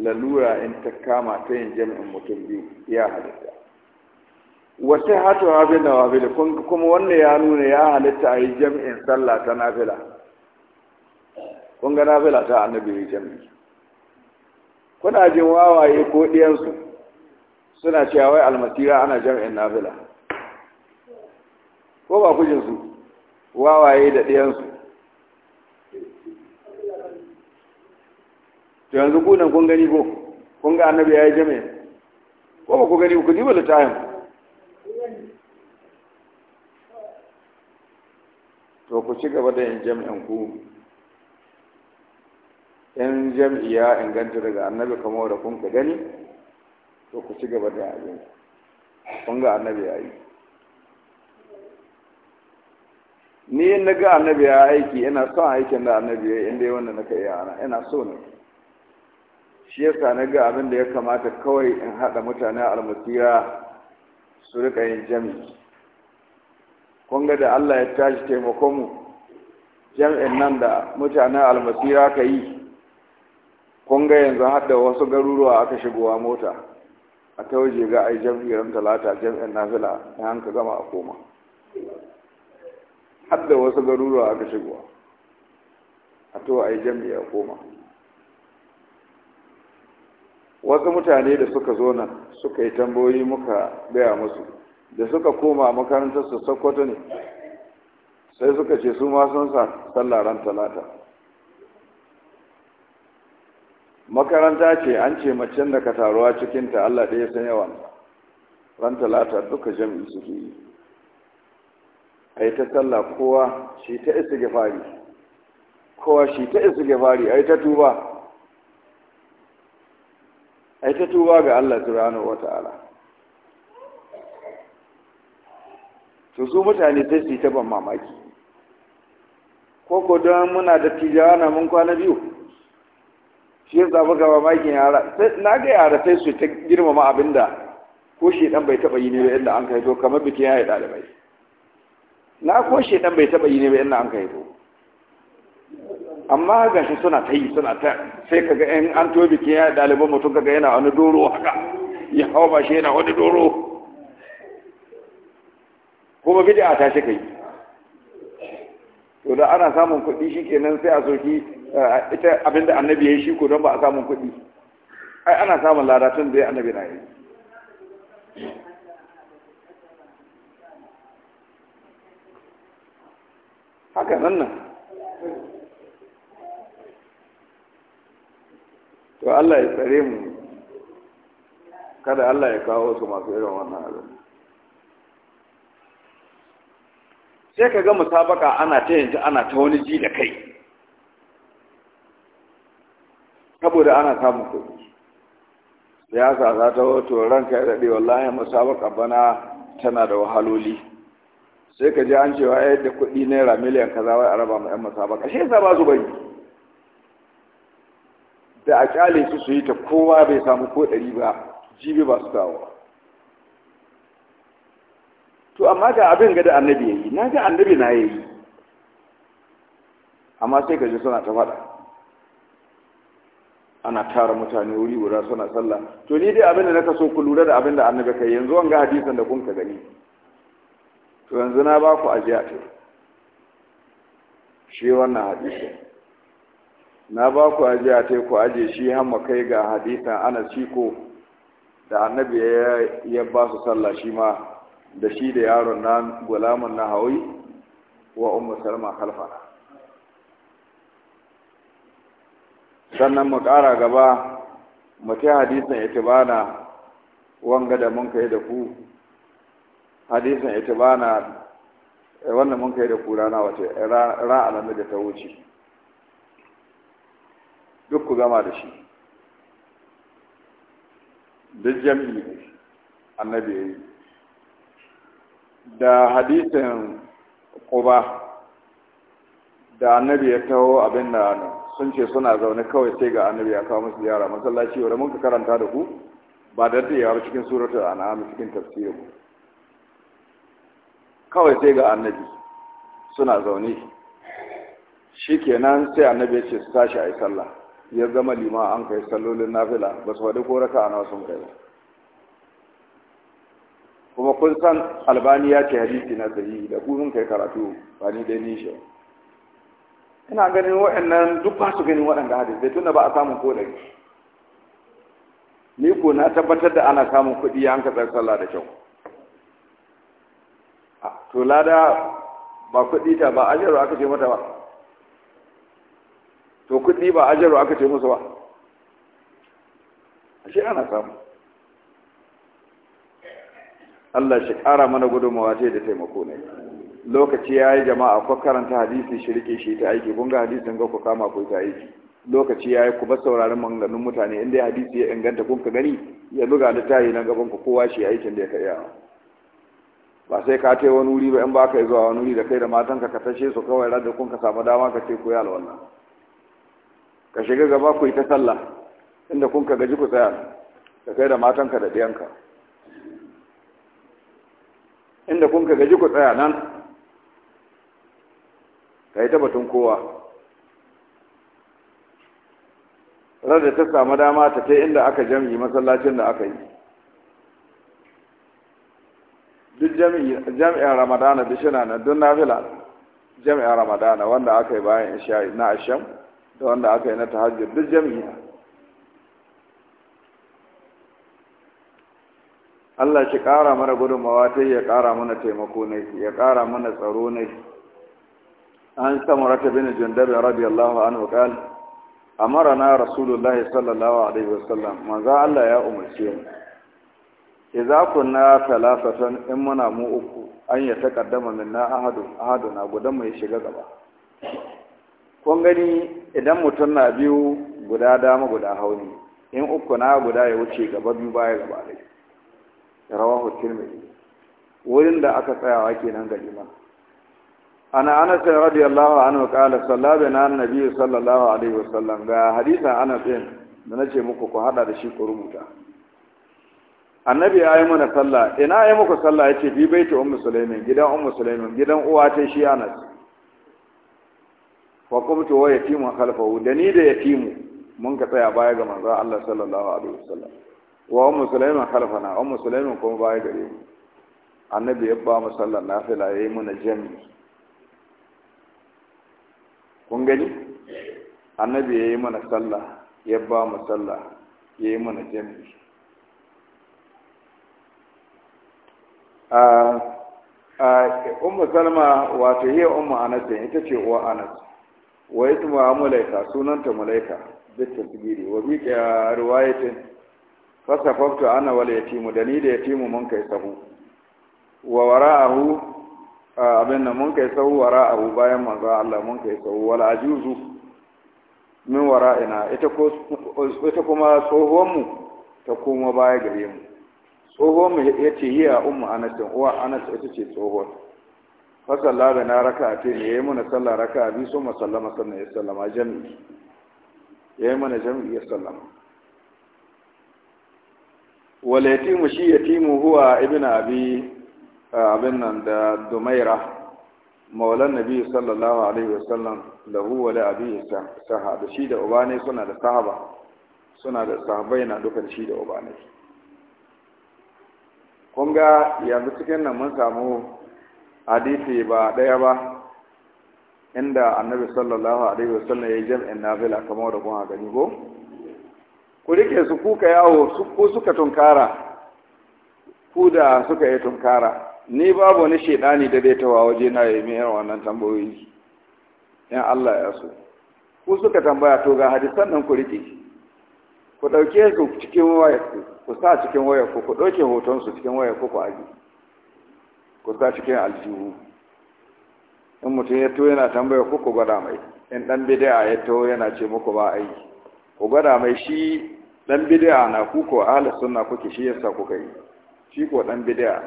lalura in ta kama ta yin jami'in mutum biyu ya halitta wata hatu abin da wafi da kuma wanda ya nuna ya halitta a yi jami'in sallah ta nafila kun ga nafila ta annabi yi jami'i kuna jin wawaye ko ɗiyansu suna cewa wai almasira ana jami'in nafila ko ba kujinsu wawaye da ɗiyansu to yanzu ku nan kun gani ko kun ga annabi ya yi jami'a ko ba ku gani ku diba littafin to ku ci gaba da yin jami'an ku in jam'i ya inganta daga annabi kamar da kun ka gani to ku ci gaba da yin kun ga annabi ya yi ni in na ga annabi ya aiki ina son aikin da annabi ya yi inda yi wanda na ka iya ana ina so ne shi yasa na ga abin da ya kamata kawai in haɗa mutane almasira su rika yin jami'i kun ga da Allah ya tashi taimakon mu jami'in nan da mutanen almasira ka yi kun ga yanzu haɗa wasu garuruwa aka shigowa mota a ta waje ga ai jami'i ran talata jami'in na in an ka gama a koma haɗa wasu garuruwa aka shigowa a to ai jam'i a koma wasu mutane da suka zo nan suka yi tambayoyi muka gaya musu da suka koma makarantar su sokoto ne sai suka ce su ma sun sa sallah ran talata makaranta ce an ce macen da ka taruwa cikinta allah ɗaya san yawan ran talata duka jami'i suke yi a yi ta sallah kowa shi ta isa fari, kowa shi ta isa fari, a yi ta tuba ai ta tuba ga Allah subhanahu wata'ala to su mutane sai su ta ban mamaki ko ko don muna da tijana na mun kwana biyu shi ya zaba ga mamakin yara na ga yara sai su ta girmama abinda ko shi dan bai taba yi ne ba inda an kai to kamar ya yi dalibai na ko shi dan bai taba yi ne ba inda an kai to amma ga shi suna ta yi suna ta sai kaga in an to bikin ya ɗaliban mutum kaga yana wani doro haka ya hawa ba shi yana wani doro kuma bid'a ta shi kai to da ana samun kuɗi shi kenan sai a soki ita abinda annabi ya yi shi ko don ba a samun kuɗi ai ana samun ladatun da ya annabi na yi haka nan nan to Allah ya tsare mu kada Allah ya kawo su masu irin wannan abin sai ka ga musabaka ana ta yanzu ana ta wani ji da kai saboda ana samun kuɗi siyasa za ta wato ranka ya daɗe wallahi musabaka bana tana da wahaloli sai ka ji an cewa yadda kuɗi naira miliyan kaza wai a raba ma 'yan musabaka shi yasa ba su da a kyale su su yi ta kowa bai samu ko ɗari ba jibi ba su kawo to amma ga abin ga da annabi ya yi na ga annabi na ya yi amma sai ka ji suna ta faɗa ana tara mutane wuri wura suna sallah to ni dai abin da na so ku lura da abin da annabi ka yanzu wanga hadisan da kun ka gani to yanzu na ba ku ajiya ce shi wannan hadisan na ba ku aje a teku aje shi hamma kai ga hadisan ana ciko da annabi ya ba su sallah shi ma da shi da yaron nan gulamun na hawi wa ummu salma khalfana sannan mu ƙara gaba mu ta hadisan itibana wanga da mun kai da ku hadisan itibana eh, wannan mun kai da ku rana ra'a ra'alamin da ta wuce duk ku gama da shi duk jami'i ne annabi ya yi da hadisin ƙuba da annabi ya taho abin da sun ce suna zaune kawai sai ga annabi ya kawo musu yara masallaci wadda muka karanta da ku ba da yawar cikin suratul an'am cikin tafsirin mu kawai sai ga annabi suna zaune shikenan sai annabi ya ce su tashi a yi sallah ya gama lima an kai sallolin nafila ba su faɗi ko raka a sun kai ba kuma kun san albani ya ce hadisi na sahi da ku kai karatu ba ni dai ni shi ina ganin waɗannan duk ba su ganin waɗanda Sai tunda ba a samun ko ɗari ni ko na tabbatar da ana samun kuɗi an ka sallah da kyau to lada ba kuɗi ta ba ajaru aka ce mata ba to kuɗi ba ajaru aka ce musu ba ashe ana samu Allah shi ƙara mana gudunmawa ce da taimako ne lokaci ya yi jama'a ko karanta hadisi shi rike shi ta aiki kun ga hadisin ga ku kama ku ta aiki lokaci ya yi ku bar sauraron maganganun mutane in dai hadisi ya inganta kun ka gani ya buga da tayi nan gaban ku kowa shi aikin da ya kai yawa ba sai ka tai wani wuri ba in ba ka yi zuwa wani wuri da kai da matanka ka tashe su kawai rada kun ka samu dama ka ce ku yi alwala ka shiga gaba ku yi ta sallah inda kun ka gaji ku tsaya ka kai da matanka da ɗiyanka inda kun ka gaji ku tsaya nan ka yi ta batun kowa da ta samu dama ta ta inda aka jam'i masallacin da aka yi duk jami'in ramadana da shi na don nafila jami'in ramadana wanda aka yi bayan isha'i na asham da wanda aka yi na tahajjud duk jami'a. Allah shi ƙara mana gudunmawa ta ya ƙara mana taimako ne ya ƙara mana tsaro ne an samu rata bin jundar radiyallahu A mara na rasulullahi sallallahu alaihi wasallam manzo Allah ya umarce mu idza kunna thalathatan in muna mu uku an ya taqaddama minna ahadu na gudan mai shiga gaba kun gani idan mutum na biyu guda dama guda hauni in uku na guda ya wuce gaba biyu baya gaba dai rawahu mai wurin da aka tsayawa kenan galima ana sai radiyallahu anhu qala sallabina annabi sallallahu alaihi wasallam ga hadisan ana din da nace muku ku hada da shi ku rubuta annabi ya yi mana sallah ina ya muku sallah yace bi baiti ummu sulaimin gidan ummu sulaimin gidan uwa ta shi anas wa qumtu wa yatimu khalfahu da ni da yatimu mun ka tsaya baya ga manzo Allah sallallahu alaihi wasallam wa ummu sulaiman khalfana ummu sulaiman kuma baya gare mu annabi ya ba mu sallar nafila yayi muna Jami. kun gani annabi yayi mana sallah ya ba mu sallah yayi mana jami'i a ah, ah, ummu salma wato hiya ummu anas ita ce uwa anas wa isma malaika sunanta malaika bitta sigiri wa bi ka riwayatin fasafaftu ana wal yatimu da ni da yatimu mun kai sahu wa wara'ahu abin nan mun kai sahu wara'ahu bayan manzo Allah mun kai sahu wal ajuzu min wara'ina ita ko ita kuma tsohuwan mu ta koma baya gare mu tsohuwan mu yace hiya ummu anas uwa anas ita ce tsohon. fasalla da na raka a ce ne ya yi mana sallah raka a biyu so masallama sannan ya sallama jami'i ya yi mana jami'i ya sallama wale Timu shi yatimu huwa ibn abi abin nan da dumaira maulan nabi sallallahu alaihi wasallam da huwa da abi saha da shi da ubane suna da sahaba suna da sahabai na dukan shi da ubane kun ga yanzu cikin nan mun samu hadisi ba ɗaya ba inda annabi sallallahu alaihi wasallam ya jam'in nafila kamar da kuma gani ko ku rike su kuka yawo su ku suka tunkara ku da suka yi tunkara ni babu wani shedani da zai tawa waje na yi mai wannan tambayoyi in Allah ya so ku suka tambaya to ga hadisan nan ku rike ku dauke su cikin wayar ku ku sa cikin wayar ku ku dauke hoton su cikin wayar ku ku aji ku cikin aljihu in mutum ya to yana tambaya ko ku gwada mai in dan bid'a ya to yana ce muku ba ai ku gwada mai shi dan bid'a na ku ko ahlus sunna kuke shi yasa kuka yi shi ko dan bid'a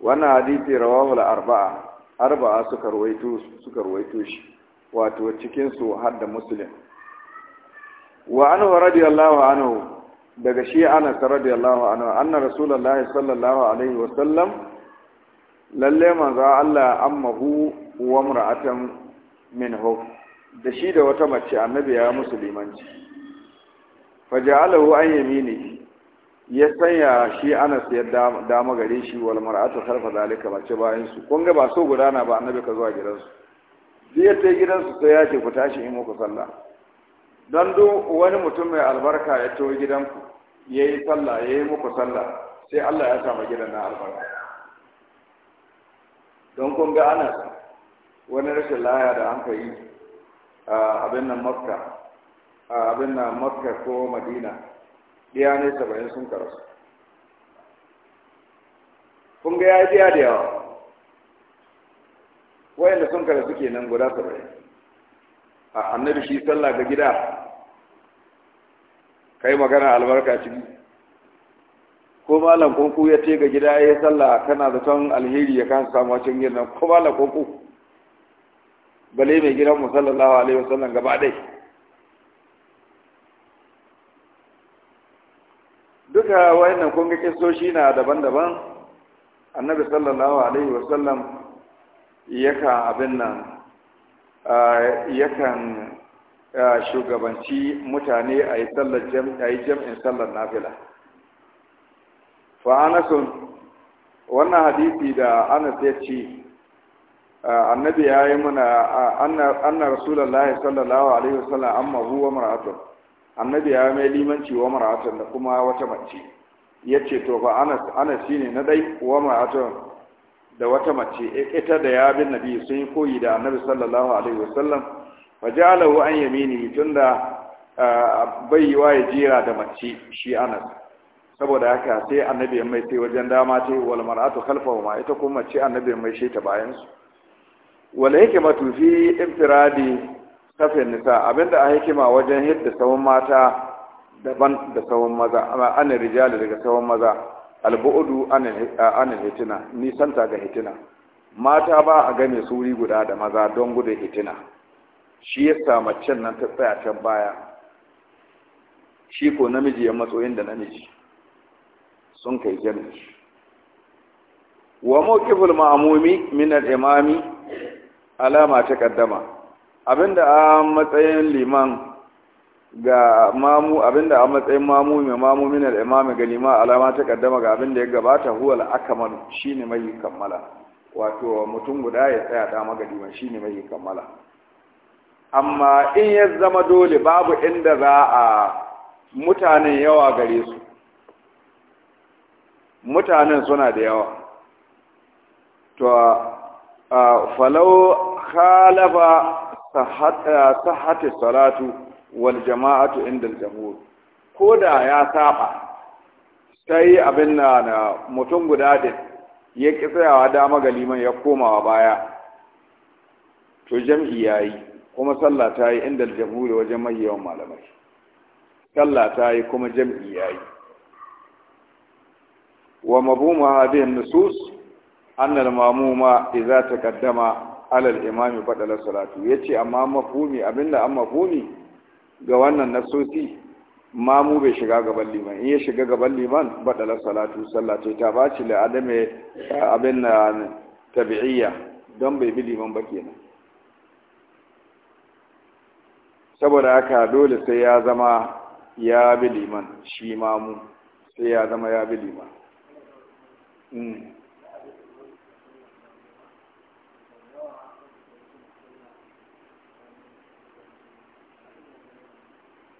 wana hadisi rawahu al-arba'a arba'a suka ruwaito suka ruwaito shi wato cikin su har da muslim wa anhu radiyallahu anhu daga shi anas radiyallahu anhu anna rasulullahi sallallahu alaihi wa sallam lalle manzo Allah ammahu wa mar'atan minhu da shi da wata mace annabi ya musulmanci faja'alahu an yamini ya sanya shi anas ya dama magare shi wal mar'atu kharfa zalika mace bayan su kun ga ba so gudana ba annabi ka zuwa gidansu ya ta gidansu sai ya ce ku tashi in muku sallah don duk wani mutum mai albarka ya ciwo gidanku ya yi sallah ya yi muku sallah sai Allah ya sami gidan na albarka don kun ga anas wani rashin laya da an yi a abin nan makka a abin nan makka ko madina ɗiya ne saba'in sun karasu kun ga ya yi biya da yawa wayanda sun karasu kenan guda saba'in a annabi shi sallah ga gida kai magana albarka ciki ko malam kunku ya ce ga gida ya sallah kana da son alheri ya kan samu cikin gidan ko malam kunku bale mai gidan mu sallallahu alaihi wasallam gaba dai duka wayannan kun ga kisoshi na daban-daban annabi sallallahu alaihi wasallam yakan abin nan ah, yakan shugabanci mutane a yi sallar jam'in sallar nafila fa'anasun wannan hadisi da anas ya ce annabi ya yi muna anna rasulallah sallallahu alaihi wasallam amma wa mar'atun annabi ya mai limanci wa mar'atun da kuma wata mace ya ce to ba anas shi ne na dai wa mar'atun da wata mace e, ita da ya bin nabi sun yi koyi da annabi sallallahu alaihi wasallam fajalahu an yamini tunda bai yiwa ya jira da mace shi anas saboda haka sai annabi ya mai sai wajen dama ce wal mar'atu khalfahu ma ita kuma mace annabi mai shi ta bayan su wala hikmatu fi infiradi safin nisa abinda a hikima wajen hidda sawun mata daban da sawun maza ana rijali daga sawun maza albu'udu ana hitina nisanta ga hitina mata ba a gane su guda da maza don gudun hitina shi ya sami can nan ta tsaya can baya shi ko namiji ya matso inda namiji sun kai jami'i wa mawqiful ma'amumi min al-imami alama ta kaddama abinda a matsayin liman ga mamu abinda a matsayin mamu mai mamu min al-imami ga lima alama ta kaddama ga abinda ya gabata huwa al-akmal shine mai kammala wato mutum guda ya tsaya da magaliman shine mai kammala amma in ya zama dole babu inda za a mutanen yawa gare su mutanen suna da yawa to falau khalafa sahati salatu wal jama'atu inda jamhur ko da ya saba sai abin na mutum guda din ya ƙi tsayawa dama ga liman ya komawa baya to jam'i yayi kuma sallah ta yi inda jamhuri wajen mai yawan malamai sallah ta yi kuma jam'i ya yi wa mabuma hadhihi nusus annal mamuma idza taqaddama ala al-imam badala salatu yace amma mafhumi abinda an mafhumi ga wannan nasosi mamu bai shiga gaban liman in ya shiga gaban liman badala salatu ta baci la adame abin tabi'iyya don bai bi liman ba kenan saboda haka dole sai ya zama ya bi liman shi mamu sai ya zama ya bi liman hmm.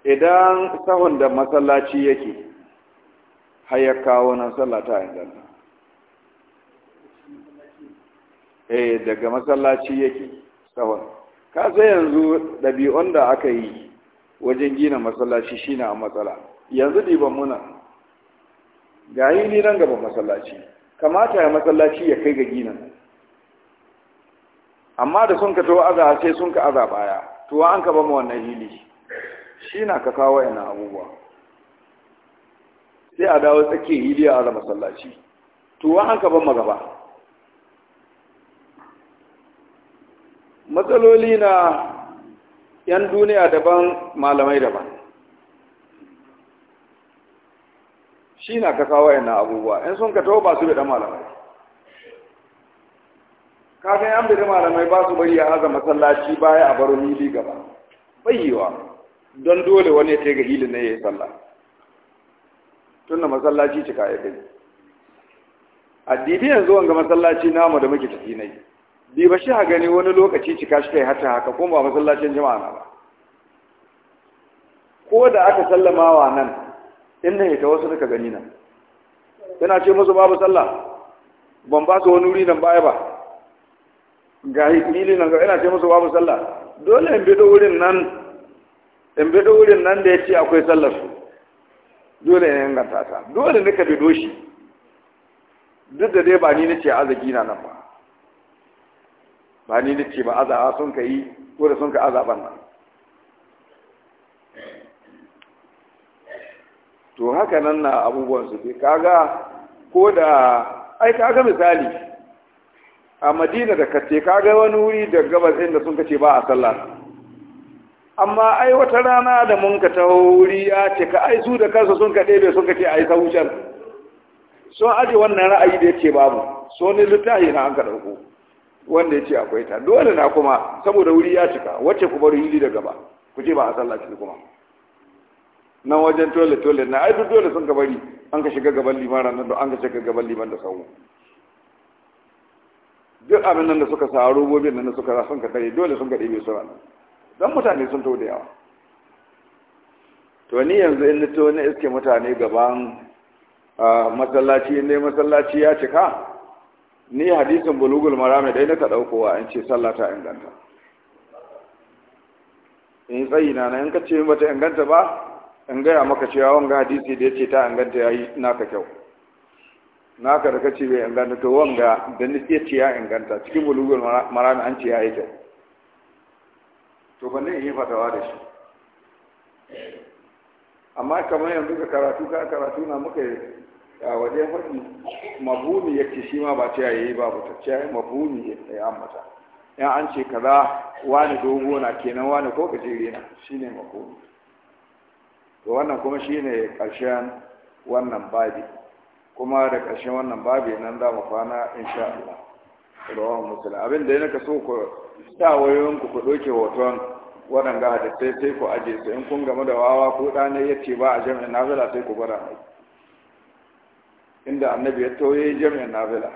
idan sahun da masallaci yake hayar kawo nan sallata inganta eh daga masallaci yake sahun ka sai yanzu ɗabi'un da aka yi wajen gina masallaci shine a matsala yanzu diban muna ga ni nan gaba masallaci kamata ya masallaci ya kai ga ginin amma da sun ka to aza sai sun ka aza baya to an ka ba wannan hili shi na ka kawo yana abubuwa sai a dawo tsakiyar hili a aza masallaci to an ka ba gaba matsaloli na 'yan duniya daban malamai daban shi na ka kawo yana abubuwa in sun ka taho ba su bida malamai kafin yan bida malamai ba su bari ya haza masallaci baya a baro nili gaba bayyewa don dole wani ya ga hili na ya yi sallah tunda masallaci cika ya gani, addini yanzu wanga masallaci namu da muke tafi na yi bi ba shi gani wani lokaci cika shi kai hata haka ko ba masallacin jama'a na ba ko da aka sallama wa nan in na hita wasu suka gani nan yana ce musu babu sallah ban ba su wani wuri nan baya ba ga hikili nan ga yana ce musu babu sallah dole in bido wurin nan in bido wurin nan da ya ce akwai sallar su dole ne inganta ta dole ne ka bido shi duk da dai ba ni nace arziki na nan ba ba ni da ce ba azawa sun ka yi ko da sun ka azaban nan to haka nan na abubuwan su ke kaga ko da ai kaga misali a madina da kace kaga wani wuri da gabas inda sun kace ba a sallah amma ai wata rana da mun ka taho wuri ya ce ka ai su da kansu sun ka ɗebe sun ka ce ai ta wucen sun aje wannan ra'ayi da ya ce babu so ne littafi na an ka ɗauko wanda ya ce akwai ta dole na kuma saboda wuri ya cika wacce ku bar hili da gaba ku ce ba a sallah ciki kuma na wajen tole tole na ai duk dole sun ka bari an ka shiga gaban liman ranar da an ka shiga gaban liman da sauwa duk abin nan da suka sa robobin nan da suka sa sun ka tare dole sun ka ɗebe su ranar don mutane sun tau da yawa to ni yanzu in to na iske mutane gaban ah, masallaci ne masallaci ya cika ni hadisin bulugul marami dai naka daukowa an ce sallah ta inganta in tsayi na in ka ce min bata inganta ba in gaya maka cewa wanga hadisi da ya ce ta inganta ya yi naka kyau naka da kace bai inganta to wanga da ni ya ce ya inganta cikin bulugul marami an ce ya yi kyau to ban ne yi fatawa da shi amma kamar yanzu ka karatu ka karatu na muka a wajen faɗi mabuni ya ce shi ma ba ta yayi ba ba ta ce mabuni ya ambata in an ce kaza wani dogo na kenan wani ko gajere na ne mabuni to wannan kuma shi ne ƙarshen wannan babi kuma da ƙarshen wannan babi nan za mu kwana sha Allah rawan muslim abin da naka so ku sa wayoyin ku ku doke hoton waɗanga hadisai sai ku aje su in kun gama da wawa ko ɗane ya ce ba a jami'in nazara sai ku gwada mai inda annabi ya tauye jami'in nafila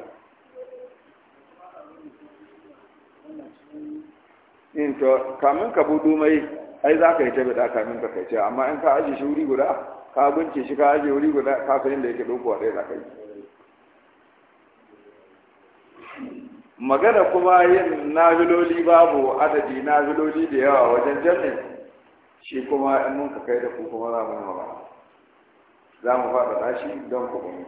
in to kamin ka budu mai ai za ka yi ta bida kamin ka kai ce amma in ka aje shi wuri guda ka gunce shi ka aje wuri guda ka san inda yake dokuwa ɗaya za ka yi magana kuma yin nafiloli babu adadi nafiloli da yawa wajen jami'in shi kuma in mun ka kai da ku kuma za mu yi magana za mu faɗaɗa shi don ku kuma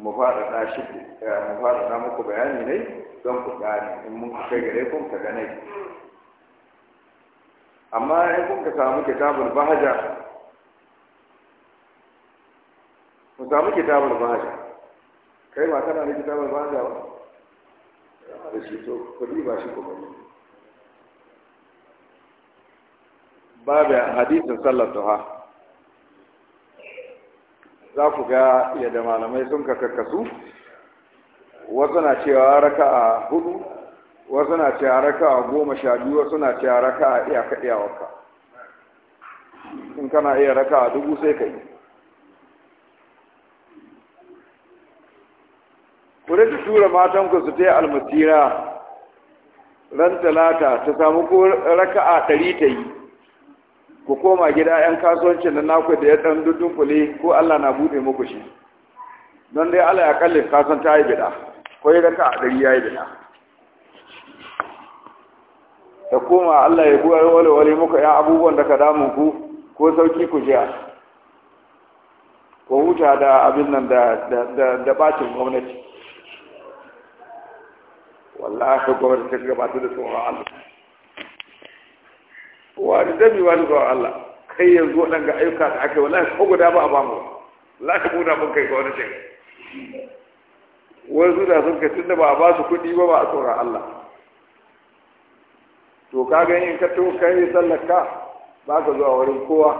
mu faɗaɗa shi eh, mu faɗaɗa muku bayani ne don ku gane in mun kai gare kun ka gane amma in kun ka samu kitabul bahaja ku samu kitabul bahaja kai ma kana da kitabul bahaja ba da shi to kuɗi ba shi kuma babu hadisin sallar duha za ku ga yadda malamai sun ka kakkasu wasu na cewa raka a hudu wasu na cewa raka a goma sha biyu wasu na cewa raka a iyaka iyawarka in kana iya raka a dubu sai ka yi ku da tura matanku su ta yi almasira ran talata ta samu ko a ɗari ta yi ku koma gida yan kasuwancin na naku da ya dudun dudunkule ko Allah na buɗe muku shi don dai Allah ya kalli kasan ta yi gida ko ya a ɗari ya yi gida ta koma Allah ya buwa wale wale muku yan abubuwan da ka damu ku ko sauki ku jiya ko huta da abin nan da bacin gwamnati wallahi gwamnati ta gabata da tsoron Allah wa da dami wa zuwa Allah kai yanzu waɗanga ayyuka ta aka wani ko guda ba a ba mu la ka guda mun kai ga wani shi Wani zuwa sun kai tunda ba a ba su kuɗi ba ba a tsoron Allah to ka ga in ka to kai sallaka ba ka zuwa wurin kowa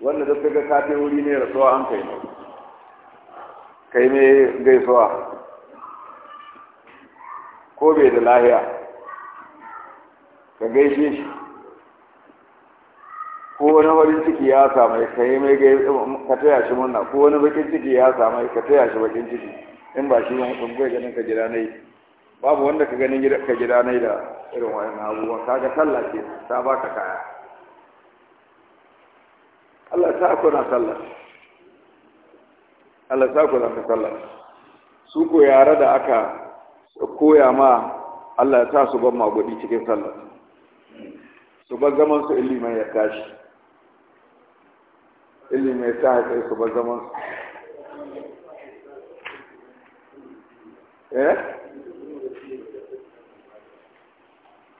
wanda da kaga ka kai wuri ne rasuwa an kai kai ne gaisuwa ko bai da lahiya ka gaishe shi ko wani farin ciki ya samu ka yi mai ka taya shi murna ko wani bakin ciki ya samu ka taya shi bakin ciki in ba shi wani bai ganin ka gida nai babu wanda ka ganin ka gida nai da irin wani abubuwa. kaga sallah ce ta baka kaya Allah ta na sallah Allah ta ku na sallah su ko yare da aka koya ma Allah ya sa su ban magudi cikin sallah su bar zaman su ilimin ya tashi ilimin ya tashi sai su bar zaman su eh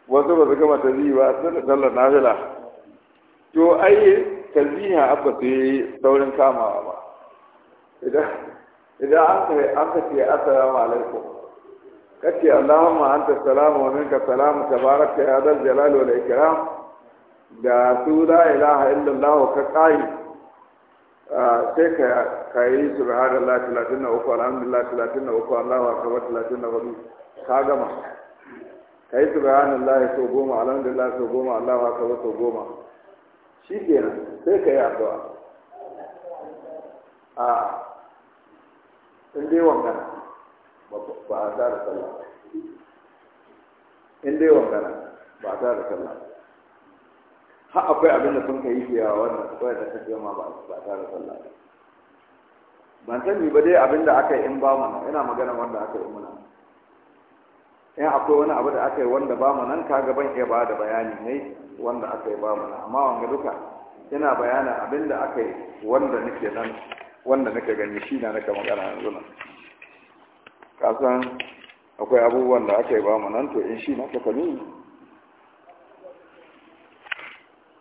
wasu ba su gama zi ba sun da sallar nafila to ai tazihin abba su yi saurin kamawa ba idan an ka an ka ce assalamu alaikum kace allahumma anta salamu wa minka salamu tabaraka ya dal jalal wal ikram Da su la ilaha illallah ka kai sai ka kai subhanallah 33 alhamdulillah 33 Allahu akbar 34 ka gama kai subhanallah sau goma alhamdulillah goma Allahu akbar goma sai ka yi addu'a a in ba sallah ba sallah har akwai abin da sun ka yi fiye wannan kawai da kake ma ba ba tare sallah ban sani ba dai abin da aka yi in ba mu ina magana wanda aka yi muna in akwai wani abu da aka yi wanda ba mu nan kaga ban iya ba da bayani ne wanda aka yi ba mu nan amma wanga duka ina bayanin abin da aka yi wanda nake nan wanda nake gani shi na nake magana yanzu nan kasan akwai abubuwan da aka yi ba mu nan to in shi na ka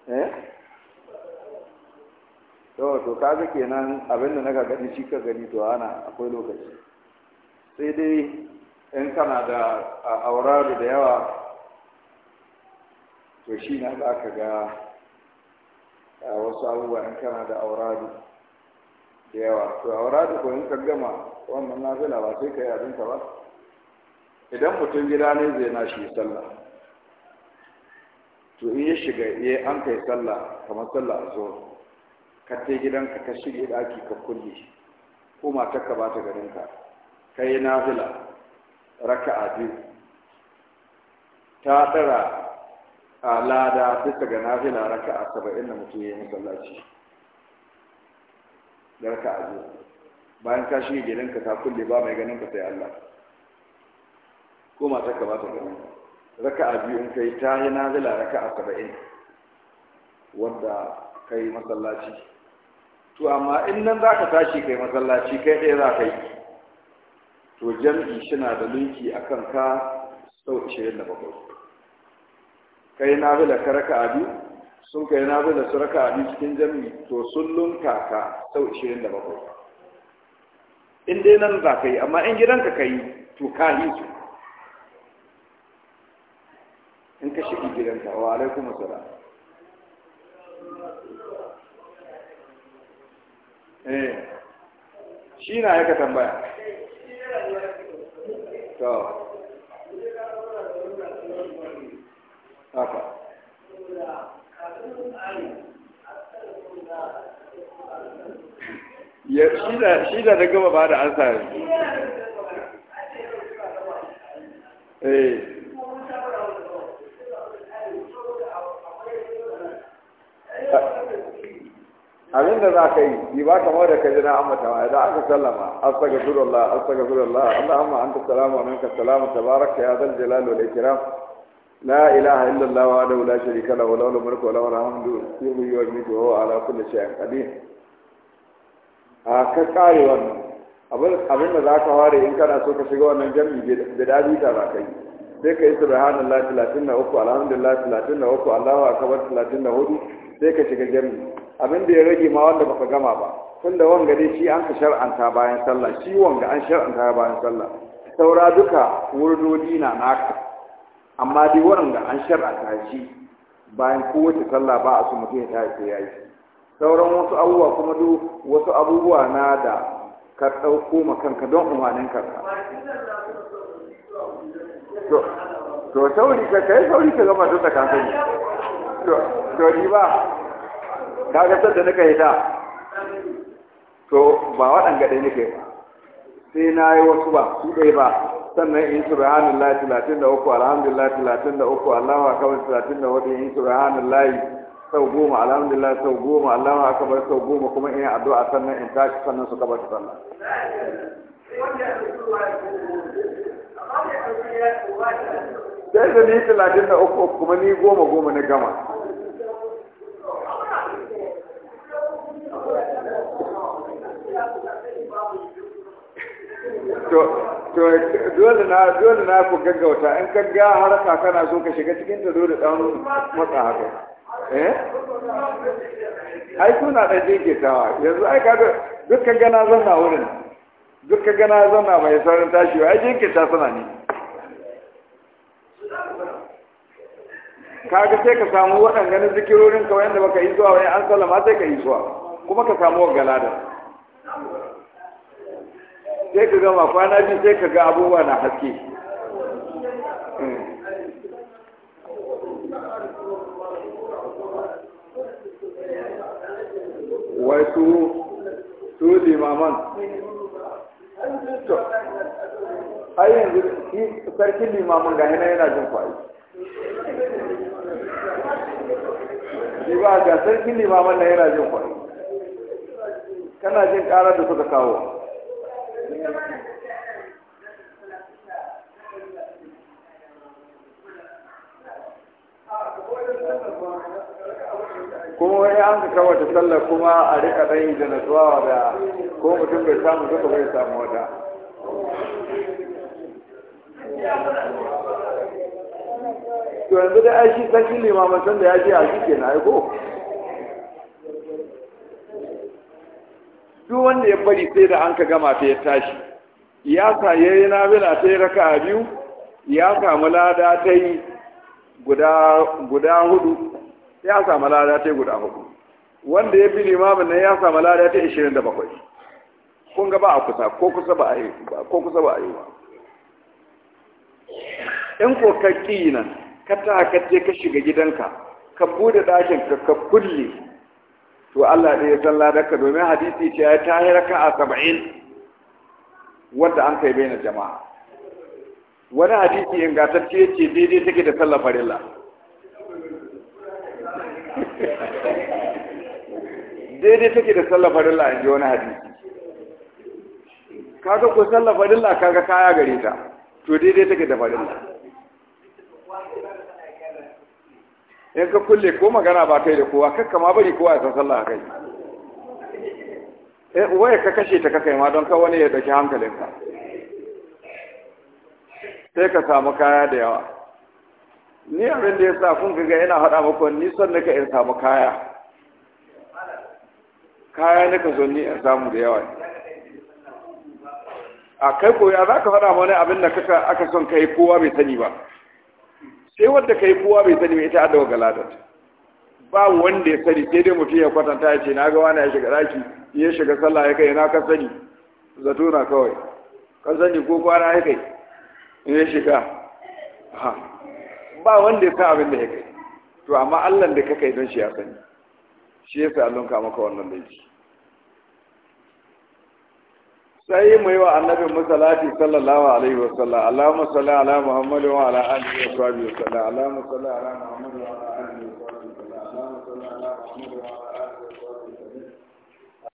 eh to ka ga kenan abin da naka gani shi ka gani to ana akwai lokaci sai dai in kana da aurari da yawa to shi na za ka ga a wasu abubuwa in kana da aurari da yawa to aurari ko in ka gama wannan nafila ba sai ka yi abinka ba idan mutum gida ne zai na shi sallah to in ya shiga ya an kai sallah kamar sallah a zuwa ka ta gidanka ka shirya daki ka kulle ko matar ka bata garin ka yi raka a biyu ta tsara a lada bisa ga raka a saba'in da mutum ya yi masallaci da a biyu bayan ka shirya gidanka ka kulle ba mai ganin ka sai Allah ko matar ka bata ka Raka biyu in kai ta yi nazila a saba'in wanda kai masallaci to amma in nan za ka tashi kai masallaci kai ɗaya za ka yi to jam'i shina da linki a kan ka sau 27 kai nazila ka a biyu sun kai nazila su a biyu cikin jam'i to sun lunka ka sau 27 in dai nan za ka yi amma in gidanka ka yi to ka yi su in ka shigi gidanka wa alaikum assalam eh shi na yaka tambaya to haka ya shi da da gaba ba da ansa eh abin da za ka yi yi ba kamar da ka ji na ambatawa idan aka sallama astagfirullah astagfirullah allahumma anta salamu wa minka salamu tabaraka ya zal jalal wal ikram la ilaha illa allah wa la sharika lahu lahu al mulku wa lahu al hamdu yuhyi wa yumiitu wa huwa ala kulli shay'in qadir a ka kare wannan abin da za ka ware in kana so ka shiga wannan jami'i dadi ta za ka yi sai ka yi na uku, alhamdulillah 33 Allahu akbar hudu, sai ka shiga jami abin da ya rage ma wanda baka gama ba Tun da wanga dai shi an ka shar'anta bayan sallah shi wanga an shar'anta bayan sallah saura duka wurdodi na naka amma dai wanga an shar'anta shi bayan kowace sallah ba a su mutum ya ta ya yi sauran wasu abubuwa kuma duk wasu abubuwa na da ka ɗauko ma kanka don umarnin kanka to sauri ka kai sauri ka gama tun da kan sani to ni ba ka ga sadda nika hita to ba waɗanga ɗaya nake sai na yi wasu ba su ɗaya ba sannan in subhanallahi talatin da uku alhamdulillah talatin da uku allahu akbar talatin da hudu in subhanallahi sau goma alhamdulillah sau goma allahu akbar sau goma kuma in addu'a sannan in tashi sannan su gabata sallah sai da ni talatin da uku kuma ni goma goma na gama to dole na dole na ku gaggauta in ka ga haraka kana so ka shiga cikin ta dole dan matsa haka eh ai kuna da jike yanzu ai ga, dukkan gana zan na wurin duk ka gana zana mai saurin tashi wa ajin ta suna ne kaga sai ka samu waɗannan zikirorin kawai yadda baka yi zuwa wani an sallama sai ka yi zuwa kuma ka samu wa galada sai ka gama kwana biyu sai ka ga abubuwa na haske wai su su limaman to ai yanzu shi sarkin limamin ga hina yana jin kwayi shi ba ga sarkin limamin na yana jin kwayi kana jin karar da suka kawo kuma wani an ka kawo sallar kuma a rika ɗanyi da natsuwa da ko mutum bai samu duka bai samu wata to yanzu da kan shi ne limamin san da ya ce a shi ke na aiko duk wanda ya bari sai da an ka gama ta ya tashi ya sa ya yi nabila ta yi raka a biyu ya samu lada ta yi guda hudu ya samu lada ta yi guda hudu wanda ya fi limamin nan ya samu lada ta 27 kun ga ba a kusa ko kusa ba a yi ko kusa ba a yi ba in ko ka ki nan ka ta ka je ka shiga gidanka ka bude ɗakin ka ka kulle to Allah ne ya san ladarka domin hadisi ce ya tahi a saba'in wanda an kai bayyana jama'a wani hadisi ingantacce ya ce daidai take da sallar farilla daidai take da sallar farilla in ji wani hadisi kaga ko sallah fadilla kaga kaya gare ta to daidai take da fadilla in ka kulle ko magana ba kai da kowa kakka ma bari kowa ya san sallah kai eh waye ka kashe ta kakai ma don ka wani ya dauki hankalinka sai ka samu kaya da yawa ni abin da ya sa kun ga ina haɗa muku ni son naka in samu kaya kaya naka zo ni in samu da yawa ne a kai koya za ka faɗa mana abin da kaka aka son kai kowa bai sani ba sai wanda kai kowa bai sani ba ita adawa galadat ba wanda ya sani sai dai mutum ya kwatanta ya ce na ga wani ya shiga daki ya shiga sallah ya kai na ka sani zato na kawai ka sani ko kwana ya kai in ya shiga ba wanda ya sa abin da ya kai to amma Allah da ka kai don shi ya sani shi ya sa Allah ka maka wannan laifi sai mu yi wa annabi musalati sallallahu alaihi wa sallam Allahumma salli ala Muhammad wa ala alihi wa sahbihi wa sallam Allahumma salli ala Muhammad wa ala alihi wa sahbihi wa sallam Allahumma salli ala Muhammad wa ala alihi wa sahbihi